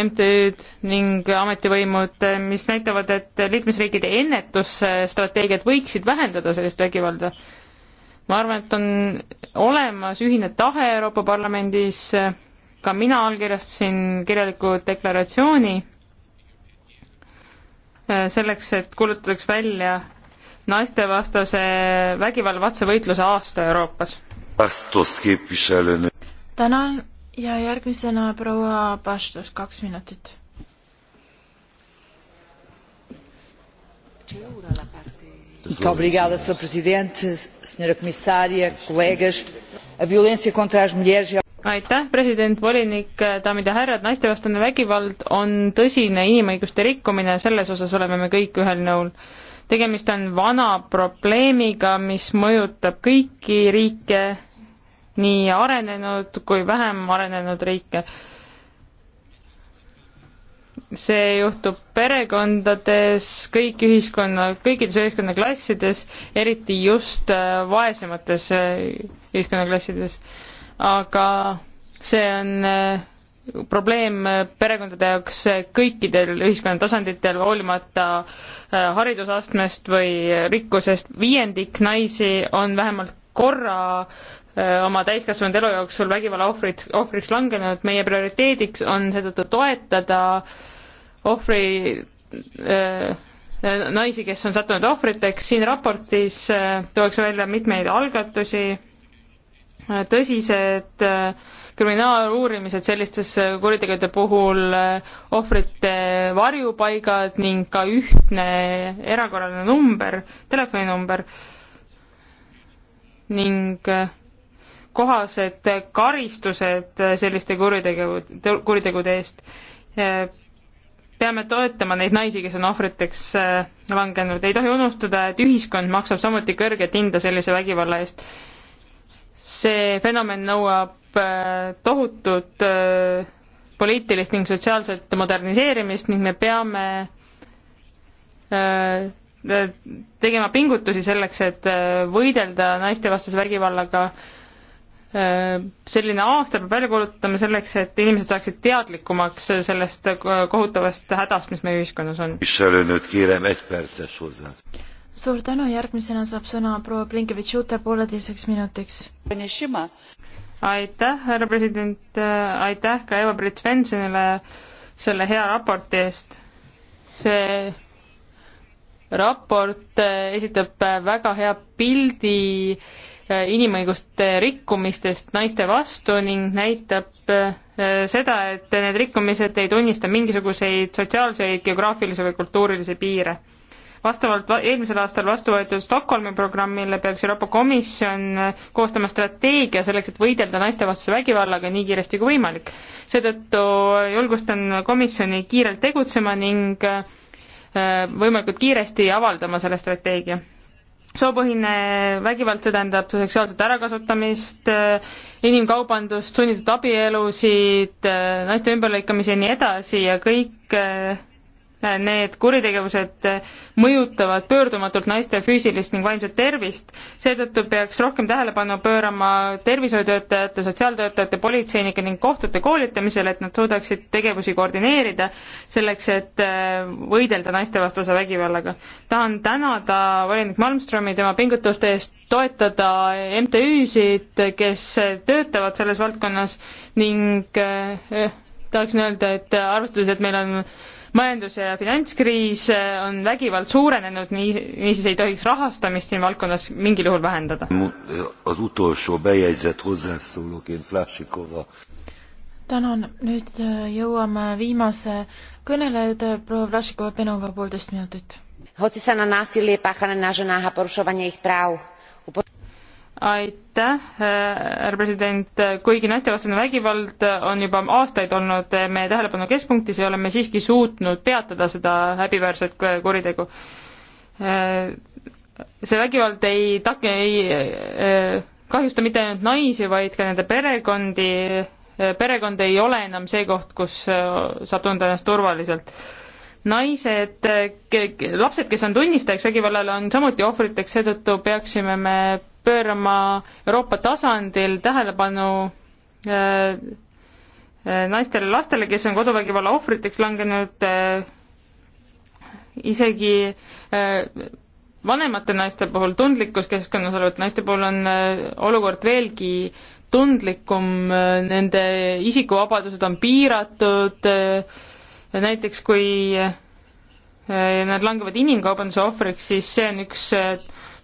MTÜ-d ning ametivõimud, mis näitavad, et liikmesriikide ennetusstrateegiad võiksid vähendada sellist vägivalda. ma arvan, et on olemas ühine tahe Euroopa Parlamendis, ka mina allkirjastasin kirjaliku deklaratsiooni selleks, et kuulutataks välja naistevastase vägivallavatse võitluse aasta Euroopas. tänan ja järgmisena proua Pastus, kaks minutit. Muito obrigada, Sr. Presidente, Sra. Comissária, colegas. A violência contra as mulheres e aitäh, president, volinik, daamid ja härrad, naistevastane vägivald on tõsine inimõiguste rikkumine, selles osas oleme me kõik ühel nõul. tegemist on vana probleemiga, mis mõjutab kõiki riike nii arenenud kui vähem arenenud riike. see juhtub perekondades, kõik ühiskonna, kõikides ühiskonnaklassides, eriti just äh, vaesemates äh, ühiskonnaklassides. aga see on äh, probleem perekondade jaoks kõikidel ühiskonna tasanditel, hoolimata haridusastmest või rikkusest. viiendik naisi on vähemalt korra äh, oma täiskasvanud elu jooksul vägivalla ohvriks, ohvriks langenud, meie prioriteediks on seetõttu toetada ohvri naisi, kes on sattunud ohvriteks, siin raportis tuuakse välja mitmeid algatusi, tõsised kriminaaluurimised sellistes kuritegude puhul, ohvrite varjupaigad ning ka ühtne erakorraline number, telefoninumber ning kohased karistused selliste kuritegude, kuritegude eest. peame toetama neid naisi, kes on ohvriteks äh, langenud, ei tohi unustada, et ühiskond maksab samuti kõrget hinda sellise vägivalla eest. see fenomen nõuab äh, tohutut äh, poliitilist ning sotsiaalset moderniseerimist ning me peame tegema pingutusi selleks, et võidelda naistevastase vägivallaga äh, selline aasta peab välja kuulutama selleks, et inimesed saaksid teadlikumaks sellest kohutavast hädast, mis meie ühiskonnas on. suur tänu, järgmisena saab sõna proua Blinkevitš-Jute pooleteiseks minutiks. aitäh, härra president, aitäh ka Eva-Britt Svensenile selle hea raporti eest. see raport esitab väga hea pildi äh, Äh, inimõiguste rikkumistest naiste vastu ning näitab äh, seda, et need rikkumised ei tunnista mingisuguseid sotsiaalseid, geograafilisi või kultuurilisi piire. vastavalt eelmisel aastal vastu võetud Stockholmi programmile peaks Euroopa Komisjon äh, koostama strateegia selleks, et võidelda naistevastase vägivallaga nii kiiresti kui võimalik. seetõttu julgustan komisjoni kiirelt tegutsema ning võimalikult kiiresti avaldama selle strateegia soopõhine vägivald, see tähendab seksuaalset ärakasutamist, inimkaubandust, sunnitud abielusid, naiste ümberlõikamisi ja nii edasi ja kõik need kuritegevused mõjutavad pöördumatult naiste füüsilist ning vaimset tervist, seetõttu peaks rohkem tähelepanu pöörama tervishoiutöötajate, sotsiaaltöötajate, politseinike ning kohtute koolitamisele, et nad suudaksid tegevusi koordineerida, selleks et äh, võidelda naistevastase vägivallaga. tahan tänada volinik Malmströmi tema pingutuste eest toetada MTÜ-sid, kes töötavad selles valdkonnas ning eh, tahaksin öelda, et arvestades, et meil on majandus- ja finantskriis äh, on vägivald suurenenud, nii, niisiis ei tohiks rahastamist siin valdkonnas mingil juhul vähendada. Äh, tänan, nüüd äh, jõuame viimase kõneleja juurde, proua Vlašikova, Penova, poolteist minutit. hoci sa na násilie páchané na ženách a porušovanie ich práv aitäh, härra president, kuigi naistevastane vägivald on juba aastaid olnud meie tähelepanu keskpunktis, ei ole me siiski suutnud peatada seda häbiväärset kuritegu. see vägivald ei tak-, ei eh, kahjusta mitte ainult naisi, vaid ka nende perekondi, perekond ei ole enam see koht, kus eh, saab tunda ennast turvaliselt naised, lapsed, kes on tunnistajaks vägivallale, on samuti ohvriteks, seetõttu peaksime me pöörama Euroopa tasandil tähelepanu äh, äh, naistele, lastele, kes on koduvägivalla ohvriteks langenud, äh, isegi vanemate naiste puhul, tundlikus keskkonnas olevate naiste puhul on olukord veelgi tundlikum, nende isikuvabadused on piiratud, näiteks kui nad langevad inimkaubanduse ohvriks, siis see on üks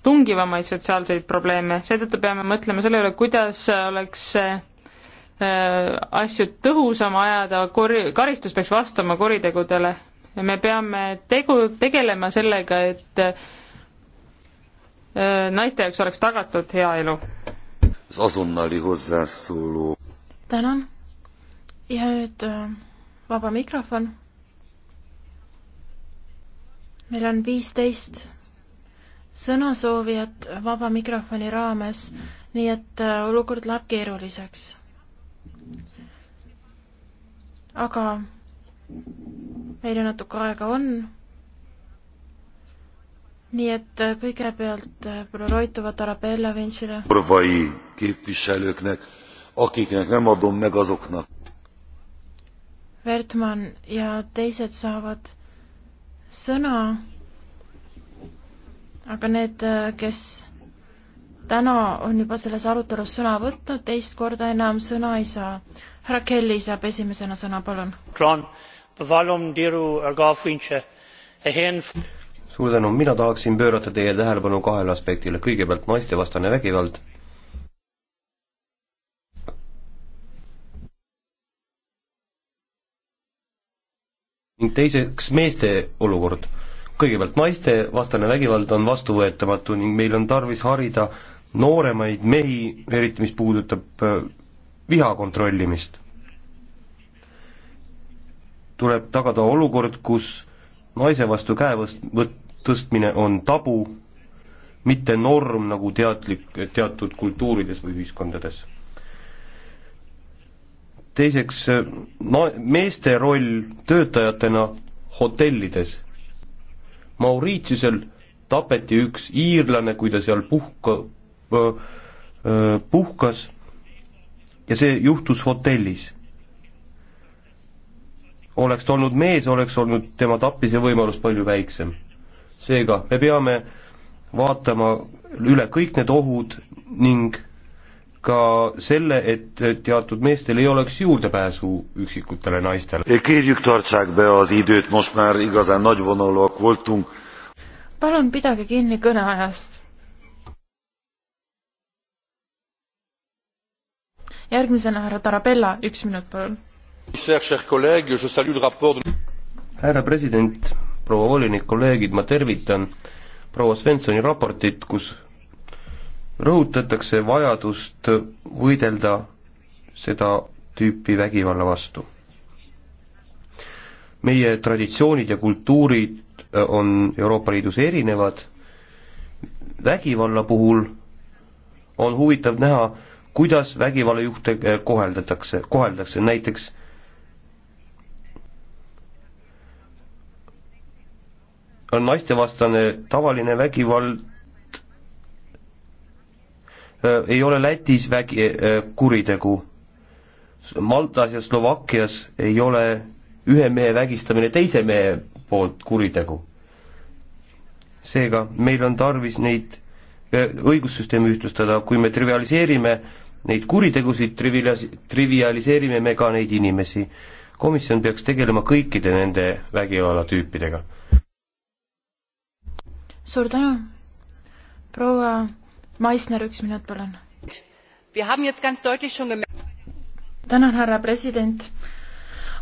tungivamaid sotsiaalseid probleeme, seetõttu peame mõtlema selle üle, kuidas oleks äh, asju tõhusam ajada, kor-, karistus peaks vastama kuritegudele. me peame tegu, tegelema sellega, et äh, naiste jaoks oleks tagatud hea elu. tänan. ja nüüd äh, vaba mikrofon. meil on viisteist sõnasoovijat vaba mikrofoni raames, nii et äh, olukord läheb keeruliseks. aga meil ju natuke aega on. nii et äh, kõigepealt äh, Proroitova Tarabella Vintsile. korvai képviselőknek, akiknek nem adom meg azoknak. Vertmann ja teised saavad sõna aga need, äh, kes täna on juba selles arutelus sõna võtnud, teist korda enam sõna ei saa. härra Kelly saab esimesena sõna, palun. suur tänu, mina tahaksin pöörata teie tähelepanu kahele aspektile, kõigepealt naistevastane vägivald. ning teiseks meeste olukord kõigepealt naistevastane vägivald on vastuvõetamatu ning meil on tarvis harida nooremaid mehi, eriti mis puudutab äh, viha kontrollimist. tuleb tagada olukord, kus naise vastu käe võst-, tõstmine on tabu, mitte norm, nagu teadlik, teatud kultuurides või ühiskondades. teiseks, äh, na-, meeste roll töötajatena hotellides Mauritiusel tapeti üks iirlane, kui ta seal puhka, puhkas ja see juhtus hotellis. oleks ta olnud mees, oleks olnud tema tapmise võimalus palju väiksem. seega me peame vaatama üle kõik need ohud ning ka selle, et teatud meestel ei oleks juurdepääsu üksikutele naistele. palun pidage kinni kõneajast. järgmisena härra Tarabella, üks minut, palun. härra president, proua volinik, kolleegid, ma tervitan proua Svensoni raportit, kus rõhutatakse vajadust võidelda seda tüüpi vägivalla vastu. meie traditsioonid ja kultuurid äh, on Euroopa Liidus erinevad, vägivalla puhul on huvitav näha, kuidas vägivallajuhte äh, koheldatakse, koheldakse, näiteks on naistevastane tavaline vägivald ei ole Lätis vägi, kuritegu. Maltas ja Slovakkias ei ole ühe mehe vägistamine teise mehe poolt kuritegu. seega meil on tarvis neid õigussüsteemi ühtlustada, kui me trivialiseerime neid kuritegusid, trivialis-, trivialiseerime me ka neid inimesi. komisjon peaks tegelema kõikide nende vägivallatüüpidega. suur tänu, proua Maisner, üks minut, palun. tänan, härra president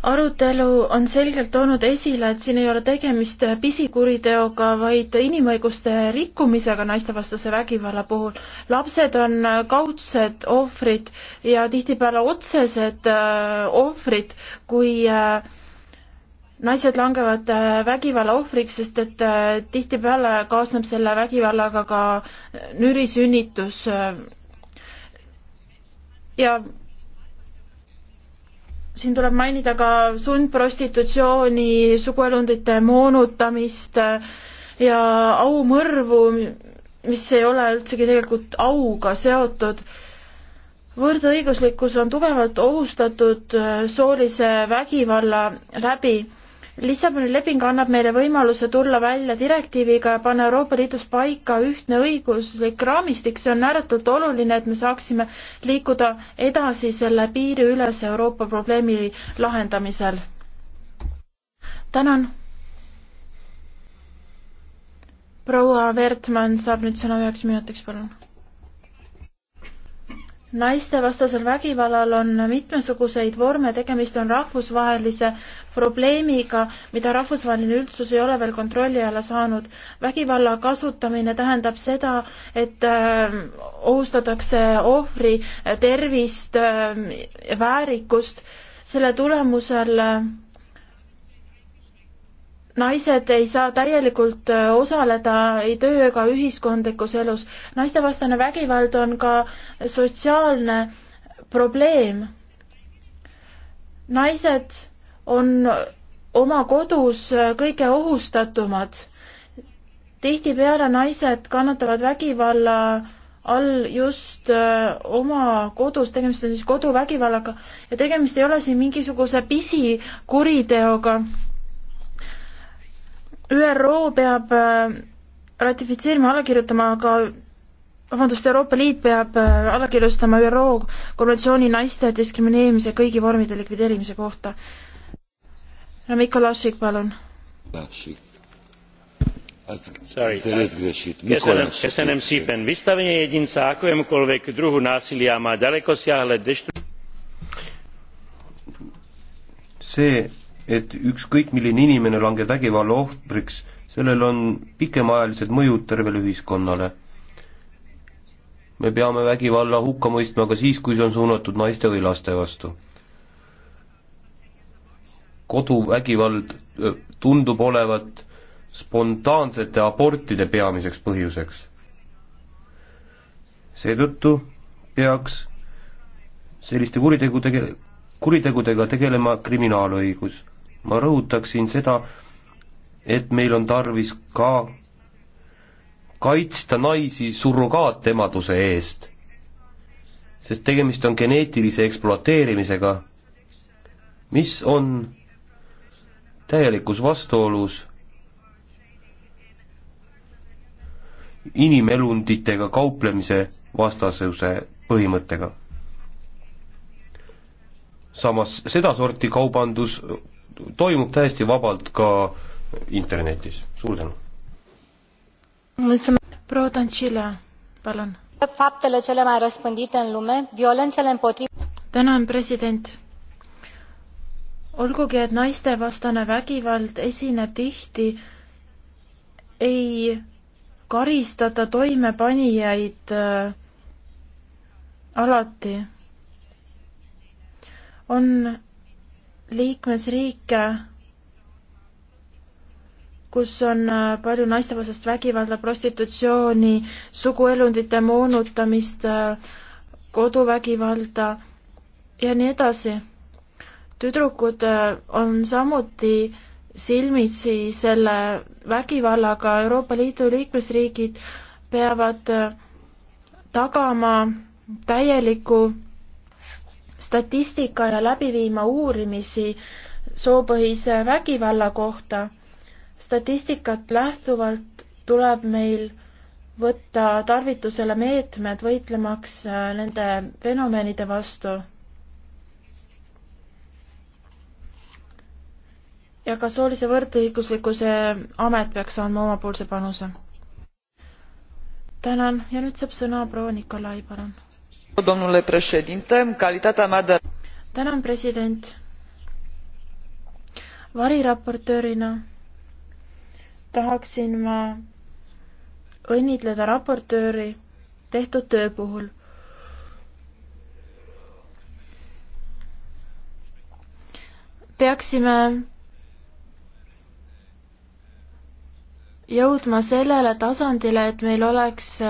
arutelu on selgelt toonud esile, et siin ei ole tegemist pisikuriteoga, vaid inimõiguste rikkumisega naistevastase vägivalla puhul. lapsed on kaudsed ohvrid ja tihtipeale otsesed äh, ohvrid, kui äh, naised langevad äh, vägivalla ohvriks, sest et äh, tihtipeale kaasneb selle vägivallaga ka äh, nürisünnitus. ja siin tuleb mainida ka sundprostitutsiooni, suguelundite moonutamist ja aumõrvu, mis ei ole üldsegi tegelikult auga seotud võrdõiguslikkus on tugevalt ohustatud soolise vägivalla läbi. Lissaboni leping annab meile võimaluse tulla välja direktiiviga ja panna Euroopa Liidus paika ühtne õiguslik raamistik, see on ääretult oluline, et me saaksime liikuda edasi selle piiriülese Euroopa probleemi lahendamisel. tänan. proua Wertmann saab nüüd sõna üheks minutiks, palun naistevastasel vägivallal on mitmesuguseid vorme, tegemist on rahvusvahelise probleemiga, mida rahvusvaheline üldsus ei ole veel kontrolli alla saanud. vägivalla kasutamine tähendab seda, et äh, ohustatakse ohvri tervist ja äh, väärikust, selle tulemusel äh, naised ei saa täielikult äh, osaleda ei töö ega ühiskondlikus elus. naistevastane vägivald on ka sotsiaalne probleem. naised on oma kodus äh, kõige ohustatumad. tihtipeale naised kannatavad vägivalla all just äh, oma kodus, tegemist on siis koduvägivallaga ja tegemist ei ole siin mingisuguse pisikuriteoga ÜRO peab äh, ratifitseerima, alla kirjutama ka vabandust, Euroopa Liit peab äh, alla kirjutama ÜRO konventsiooni naiste diskrimineerimise kõigi vormide likvideerimise kohta. no Mikko Lašik, palun. köszönöm szépen. Vystavenie jedinca akémukoľvek druhu násilia má ďalekosiahle deštru... see et ükskõik milline inimene langeb vägivalla ohvriks, sellel on pikemaajalised mõjud tervele ühiskonnale. me peame vägivalla hukka mõistma ka siis, kui see on suunatud naiste või laste vastu. koduvägivald tundub olevat spontaansete abortide peamiseks põhjuseks. seetõttu peaks selliste kuritegude, kuritegudega tegelema kriminaalõigus ma rõhutaksin seda, et meil on tarvis ka kaitsta naisi surrogaatemaduse eest, sest tegemist on geneetilise ekspluateerimisega, mis on täielikus vastuolus inimelunditega kauplemise vastasuse põhimõttega. samas sedasorti kaubandus toimub täiesti vabalt ka internetis. suur tänu! proua Tantšile, palun! faptele cele mai răspândite în lume, violențele împotriva... Tänan, president! olgugi, et naistevastane vägivald esineb tihti, ei karistata toimepanijaid äh, alati. on liikmesriike, kus on äh, palju naistevastast vägivalda, prostitutsiooni, suguelundite moonutamist, äh, koduvägivalda ja nii edasi. tüdrukud äh, on samuti silmitsi selle vägivallaga, Euroopa Liidu liikmesriigid peavad tagama täieliku statistika ja läbi viima uurimisi soopõhise vägivalla kohta. statistikat lähtuvalt tuleb meil võtta tarvitusele meetmed võitlemaks äh, nende fenomenide vastu. ja ka soolise võrdõiguslikkuse amet peaks andma omapoolse panuse. tänan ja nüüd saab sõna proua Nikolai, palun domnule președinte în calitatea mea de tänan president variraportöörina tahaksin ma õnnitleda raportööri tehtud töö puhul peaksime jõudma sellele tasandile et meil oleks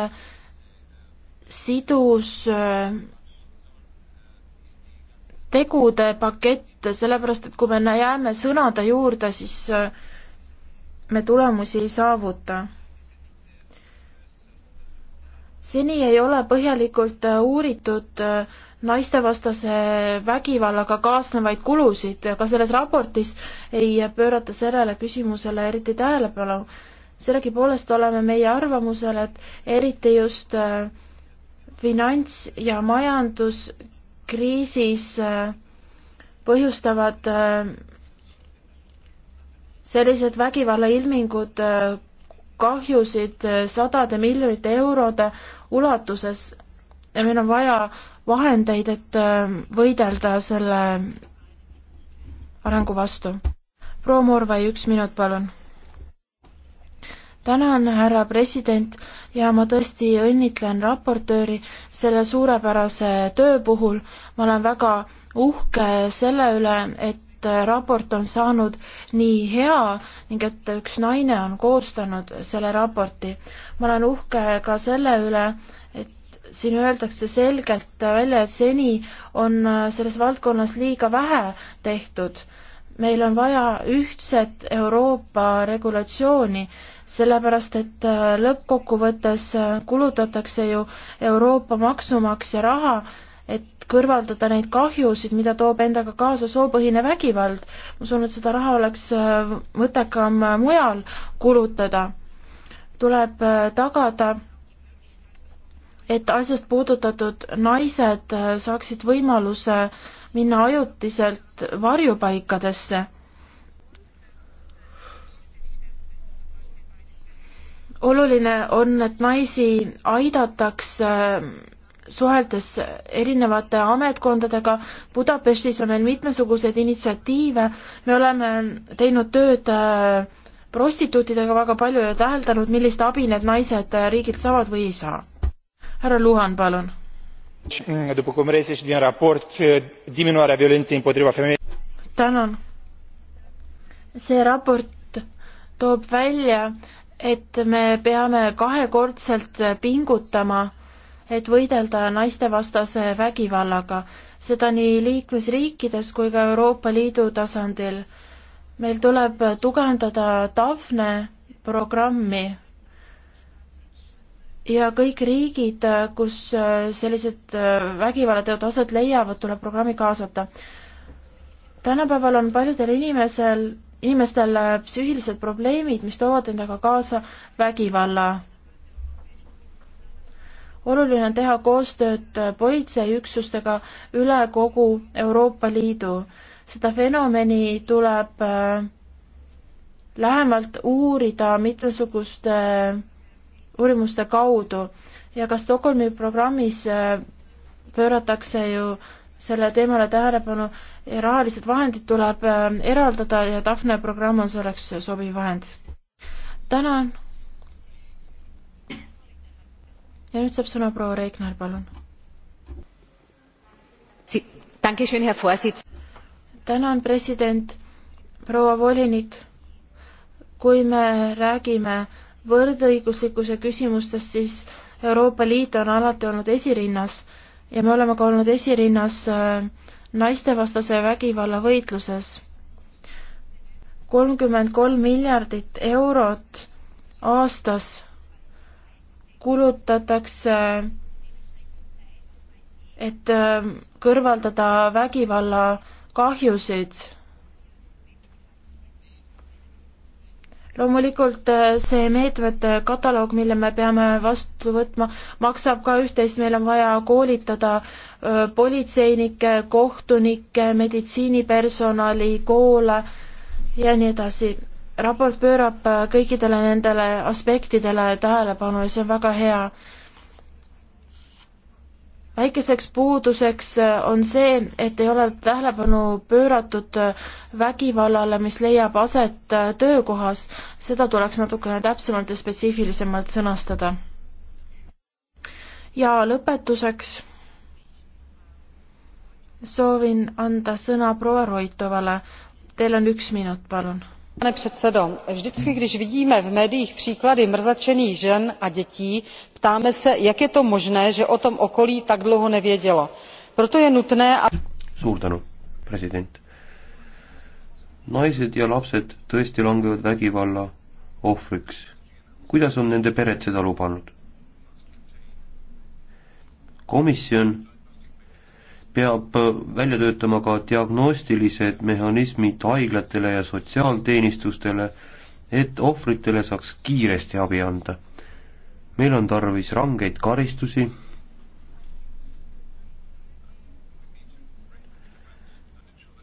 sidus äh, tegude pakett, sellepärast et kui me jääme sõnade juurde, siis äh, me tulemusi ei saavuta. seni ei ole põhjalikult äh, uuritud naistevastase vägivallaga kaasnevaid kulusid, ka selles raportis ei pöörata sellele küsimusele eriti tähelepanu. sellegipoolest oleme meie arvamusel, et eriti just äh, finants- ja majanduskriisis äh, põhjustavad äh, sellised vägivallailmingud äh, kahjusid sadade miljonite eurode ulatuses ja meil on vaja vahendeid, et võidelda selle arengu vastu. proua Morvai, üks minut, palun tänan, härra president ja ma tõesti õnnitlen raportööri selle suurepärase töö puhul. ma olen väga uhke selle üle, et raport on saanud nii hea ning et üks naine on koostanud selle raporti. ma olen uhke ka selle üle, et siin öeldakse selgelt välja, et seni on selles valdkonnas liiga vähe tehtud meil on vaja ühtset Euroopa regulatsiooni, sellepärast et äh, lõppkokkuvõttes äh, kulutatakse ju Euroopa maksumaksja raha, et kõrvaldada neid kahjusid, mida toob endaga kaasa soopõhine vägivald. ma usun, et seda raha oleks äh, mõttekam mujal kulutada. tuleb tagada, et asjast puudutatud naised saaksid võimaluse minna ajutiselt varjupaikadesse. oluline on, et naisi aidatakse äh, suheldes erinevate ametkondadega. Budapestis on meil mitmesuguseid initsiatiive, me oleme teinud tööd äh, prostituutidega väga palju ja täheldanud, millist abi need naised äh, riigilt saavad või ei saa. härra Luhan, palun Mm, după cum reiese și din raport, e, diminuarea violenței împotriva femeilor. Tänan. See raport toob välja, et me peame kahekordselt pingutama, et võidelda naistevastase vägivallaga, seda nii liikmesriikides kui ka Euroopa Liidu tasandil. meil tuleb tugevdada Daphne programmi ja kõik riigid, kus äh, sellised äh, vägivallateod aset leiavad, tuleb programmi kaasata. tänapäeval on paljudel inimesel, inimestel äh, psüühilised probleemid, mis toovad endaga kaasa vägivalla. oluline on teha koostööd politseiüksustega üle kogu Euroopa Liidu. seda fenomeni tuleb lähemalt uurida mitmesuguste äh, uurimuste kaudu ja ka Stockholmi programmis äh, pööratakse ju selle teemale tähelepanu ja rahalised vahendid tuleb äh, eraldada ja Daphne programm on selleks sobiv vahend. tänan. ja nüüd saab sõna proua Reikner, palun. tänan, president, proua volinik. kui me räägime võrdõiguslikkuse küsimustest, siis Euroopa Liit on alati olnud esirinnas ja me oleme ka olnud esirinnas äh, naistevastase vägivalla võitluses. kolmkümmend kolm miljardit eurot aastas kulutatakse, et äh, kõrvaldada vägivalla kahjusid loomulikult äh, see meetmete kataloog, mille me peame vastu võtma, maksab ka üht-teist, meil on vaja koolitada äh, politseinikke, kohtunikke, meditsiinipersonali, koole ja nii edasi. raport pöörab äh, kõikidele nendele aspektidele tähelepanu ja see on väga hea väikeseks puuduseks äh, on see, et ei ole tähelepanu pööratud äh, vägivallale, mis leiab aset äh, töökohas. seda tuleks natukene täpsemalt ja spetsiifilisemalt sõnastada. ja lõpetuseks soovin anda sõna proua Roitovale. Teil on üks minut, palun pane předsedající vždycky když vidíme v médiích příklady mrzačených žen a dětí ptáme se jak je to možné že o tom okolí tak dlouho nevědělo. proto je nutné aby. naised ja lapsed tõesti langevad vägivalla ohvriks. kuidas on nende pered seda lubanud? komisjon peab välja töötama ka diagnostilised mehhanismid haiglatele ja sotsiaalteenistustele, et ohvritele saaks kiiresti abi anda. meil on tarvis rangeid karistusi,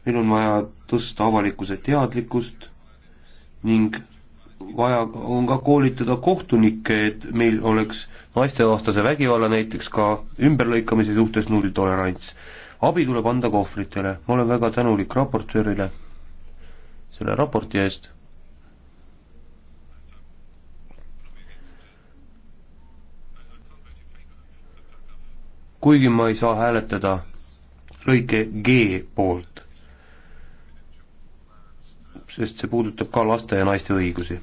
meil on vaja tõsta avalikkuse teadlikkust ning vaja on ka koolitada kohtunikke, et meil oleks naistevastase vägivalla näiteks ka ümberlõikamise suhtes nulltolerants abi tuleb anda ka ohvritele, ma olen väga tänulik raportöörile selle raporti eest. kuigi ma ei saa hääletada lõike G poolt, sest see puudutab ka laste ja naiste õigusi.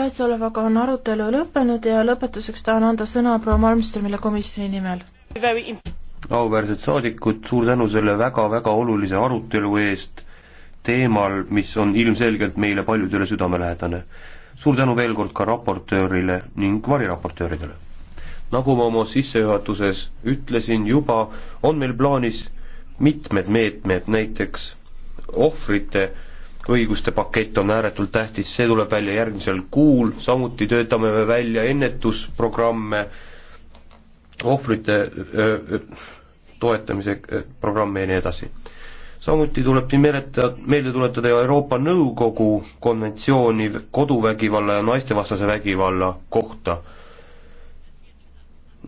käesolevaga on arutelu lõppenud ja lõpetuseks tahan anda sõna proua Malmströmile komisjoni nimel auväärsed saadikud, suur tänu selle väga-väga olulise arutelu eest teemal, mis on ilmselgelt meile paljudele südamelähedane. suur tänu veel kord ka raportöörile ning variraportööridele. nagu ma oma sissejuhatuses ütlesin juba, on meil plaanis mitmed meetmed, näiteks ohvrite õiguste pakett on ääretult tähtis, see tuleb välja järgmisel kuul, samuti töötame me välja ennetusprogramme, ohvrite toetamise programme ja nii edasi. samuti tuleb siin meeleta, meelde tuletada Euroopa Nõukogu konventsiooni koduvägivalla ja naistevastase vägivalla kohta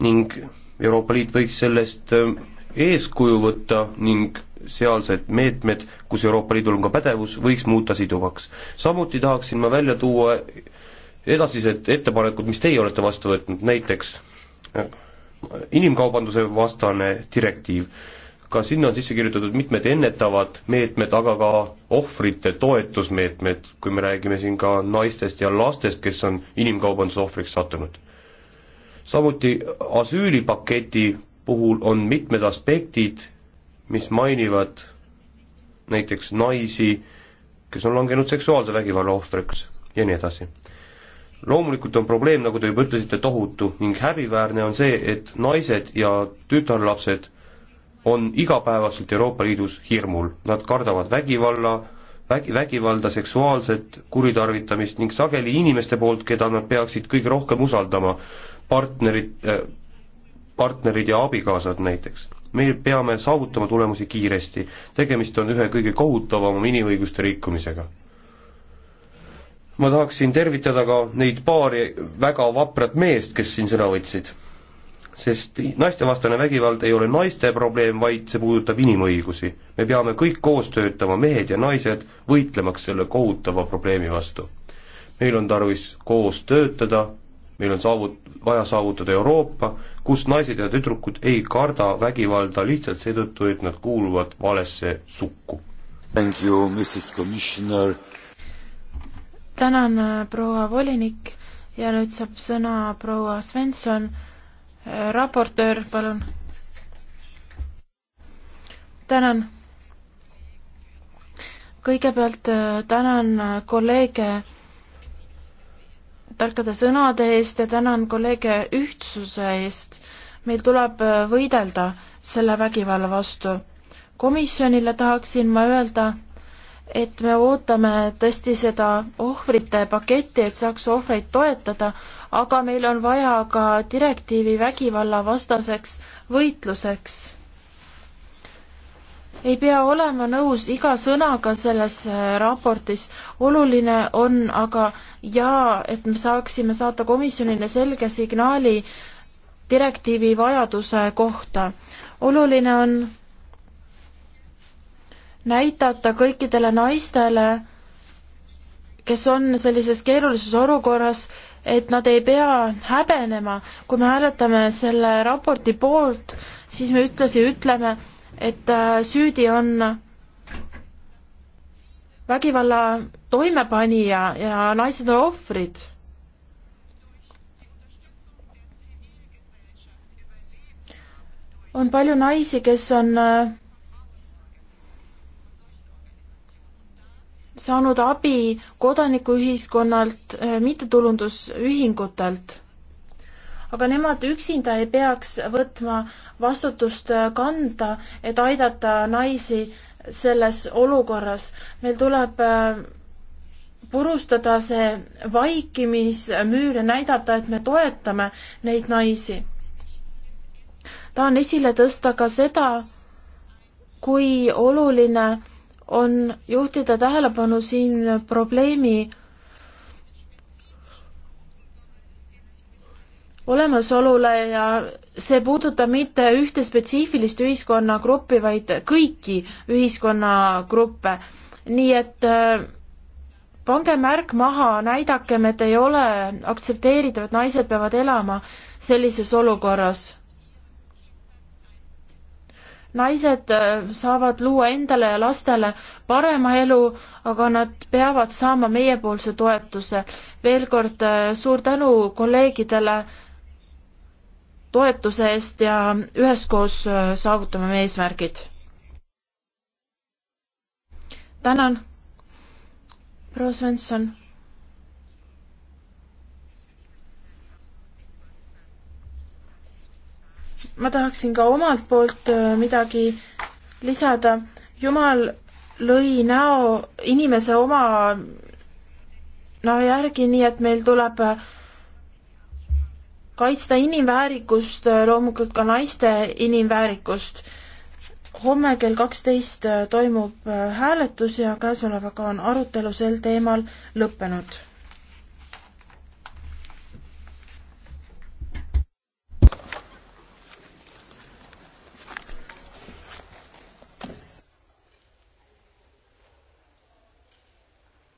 ning Euroopa Liit võiks sellest eeskuju võtta ning sealsed meetmed, kus Euroopa Liidul on ka pädevus, võiks muuta siduvaks. samuti tahaksin ma välja tuua edasised ettepanekud, mis teie olete vastu võtnud, näiteks inimkaubanduse vastane direktiiv, ka sinna on sisse kirjutatud mitmed ennetavad meetmed, aga ka ohvrite toetusmeetmed, kui me räägime siin ka naistest ja lastest, kes on inimkaubanduse ohvriks sattunud. samuti asüülipaketi puhul on mitmed aspektid, mis mainivad näiteks naisi, kes on langenud seksuaalse vägivalla ohvriks ja nii edasi loomulikult on probleem, nagu te juba ütlesite, tohutu ning häbiväärne on see, et naised ja tütarlapsed on igapäevaselt Euroopa Liidus hirmul, nad kardavad vägivalla, vägi, vägivalda, seksuaalset kuritarvitamist ning sageli inimeste poolt, keda nad peaksid kõige rohkem usaldama, partnerid äh,, partnerid ja abikaasad näiteks. me peame saavutama tulemusi kiiresti, tegemist on ühe kõige kohutavama inimõiguste rikkumisega ma tahaksin tervitada ka neid paari väga vaprat meest, kes siin sõna võtsid. sest naistevastane vägivald ei ole naiste probleem, vaid see puudutab inimõigusi. me peame kõik koos töötama, mehed ja naised, võitlemaks selle kohutava probleemi vastu. meil on tarvis koos töötada, meil on saavut-, vaja saavutada Euroopa, kus naised ja tüdrukud ei karda vägivalda lihtsalt seetõttu, et nad kuuluvad valesse sukku. Thank you, Mrs Commissioner tänan, äh, proua volinik ja nüüd saab sõna proua Svensson, äh, raportöör, palun. tänan. kõigepealt äh, tänan kolleege tarkade sõnade eest ja tänan kolleege ühtsuse eest. meil tuleb võidelda selle vägivalla vastu. komisjonile tahaksin ma öelda, et me ootame tõesti seda ohvrite paketti, et saaks ohvreid toetada, aga meil on vaja ka direktiivi vägivalla vastaseks võitluseks. ei pea olema nõus iga sõnaga selles äh, raportis, oluline on aga jaa, et me saaksime saata komisjonile selge signaali direktiivi vajaduse kohta. oluline on näidata kõikidele naistele, kes on sellises keerulises olukorras, et nad ei pea häbenema. kui me hääletame selle raporti poolt, siis me ühtlasi ütleme, et äh, süüdi on vägivalla toimepanija ja naised on ohvrid. on palju naisi, kes on äh, saanud abi kodanikuühiskonnalt, eh, mittetulundusühingutelt. aga nemad üksinda ei peaks võtma vastutust eh, kanda, et aidata naisi selles olukorras. meil tuleb eh, purustada see vaikimismüür ja näidata, et me toetame neid naisi. tahan esile tõsta ka seda, kui oluline on juhtida tähelepanu siin probleemi olemasolule ja see puudutab mitte ühte spetsiifilist ühiskonnagruppi, vaid kõiki ühiskonnagruppe. nii et äh, pange märk maha, näidakem, et ei ole aktsepteeritav, et naised peavad elama sellises olukorras naised äh, saavad luua endale ja lastele parema elu, aga nad peavad saama meiepoolse toetuse. veel kord äh, suur tänu kolleegidele toetuse eest ja üheskoos äh, saavutame me eesmärgid. tänan, proua Svensson ma tahaksin ka omalt poolt äh, midagi lisada. jumal lõi näo inimese oma näo järgi, nii et meil tuleb äh, kaitsta inimväärikust, äh, loomulikult ka naiste inimväärikust. homme kell kaksteist toimub hääletus ja käesolevaga on arutelu sel teemal lõppenud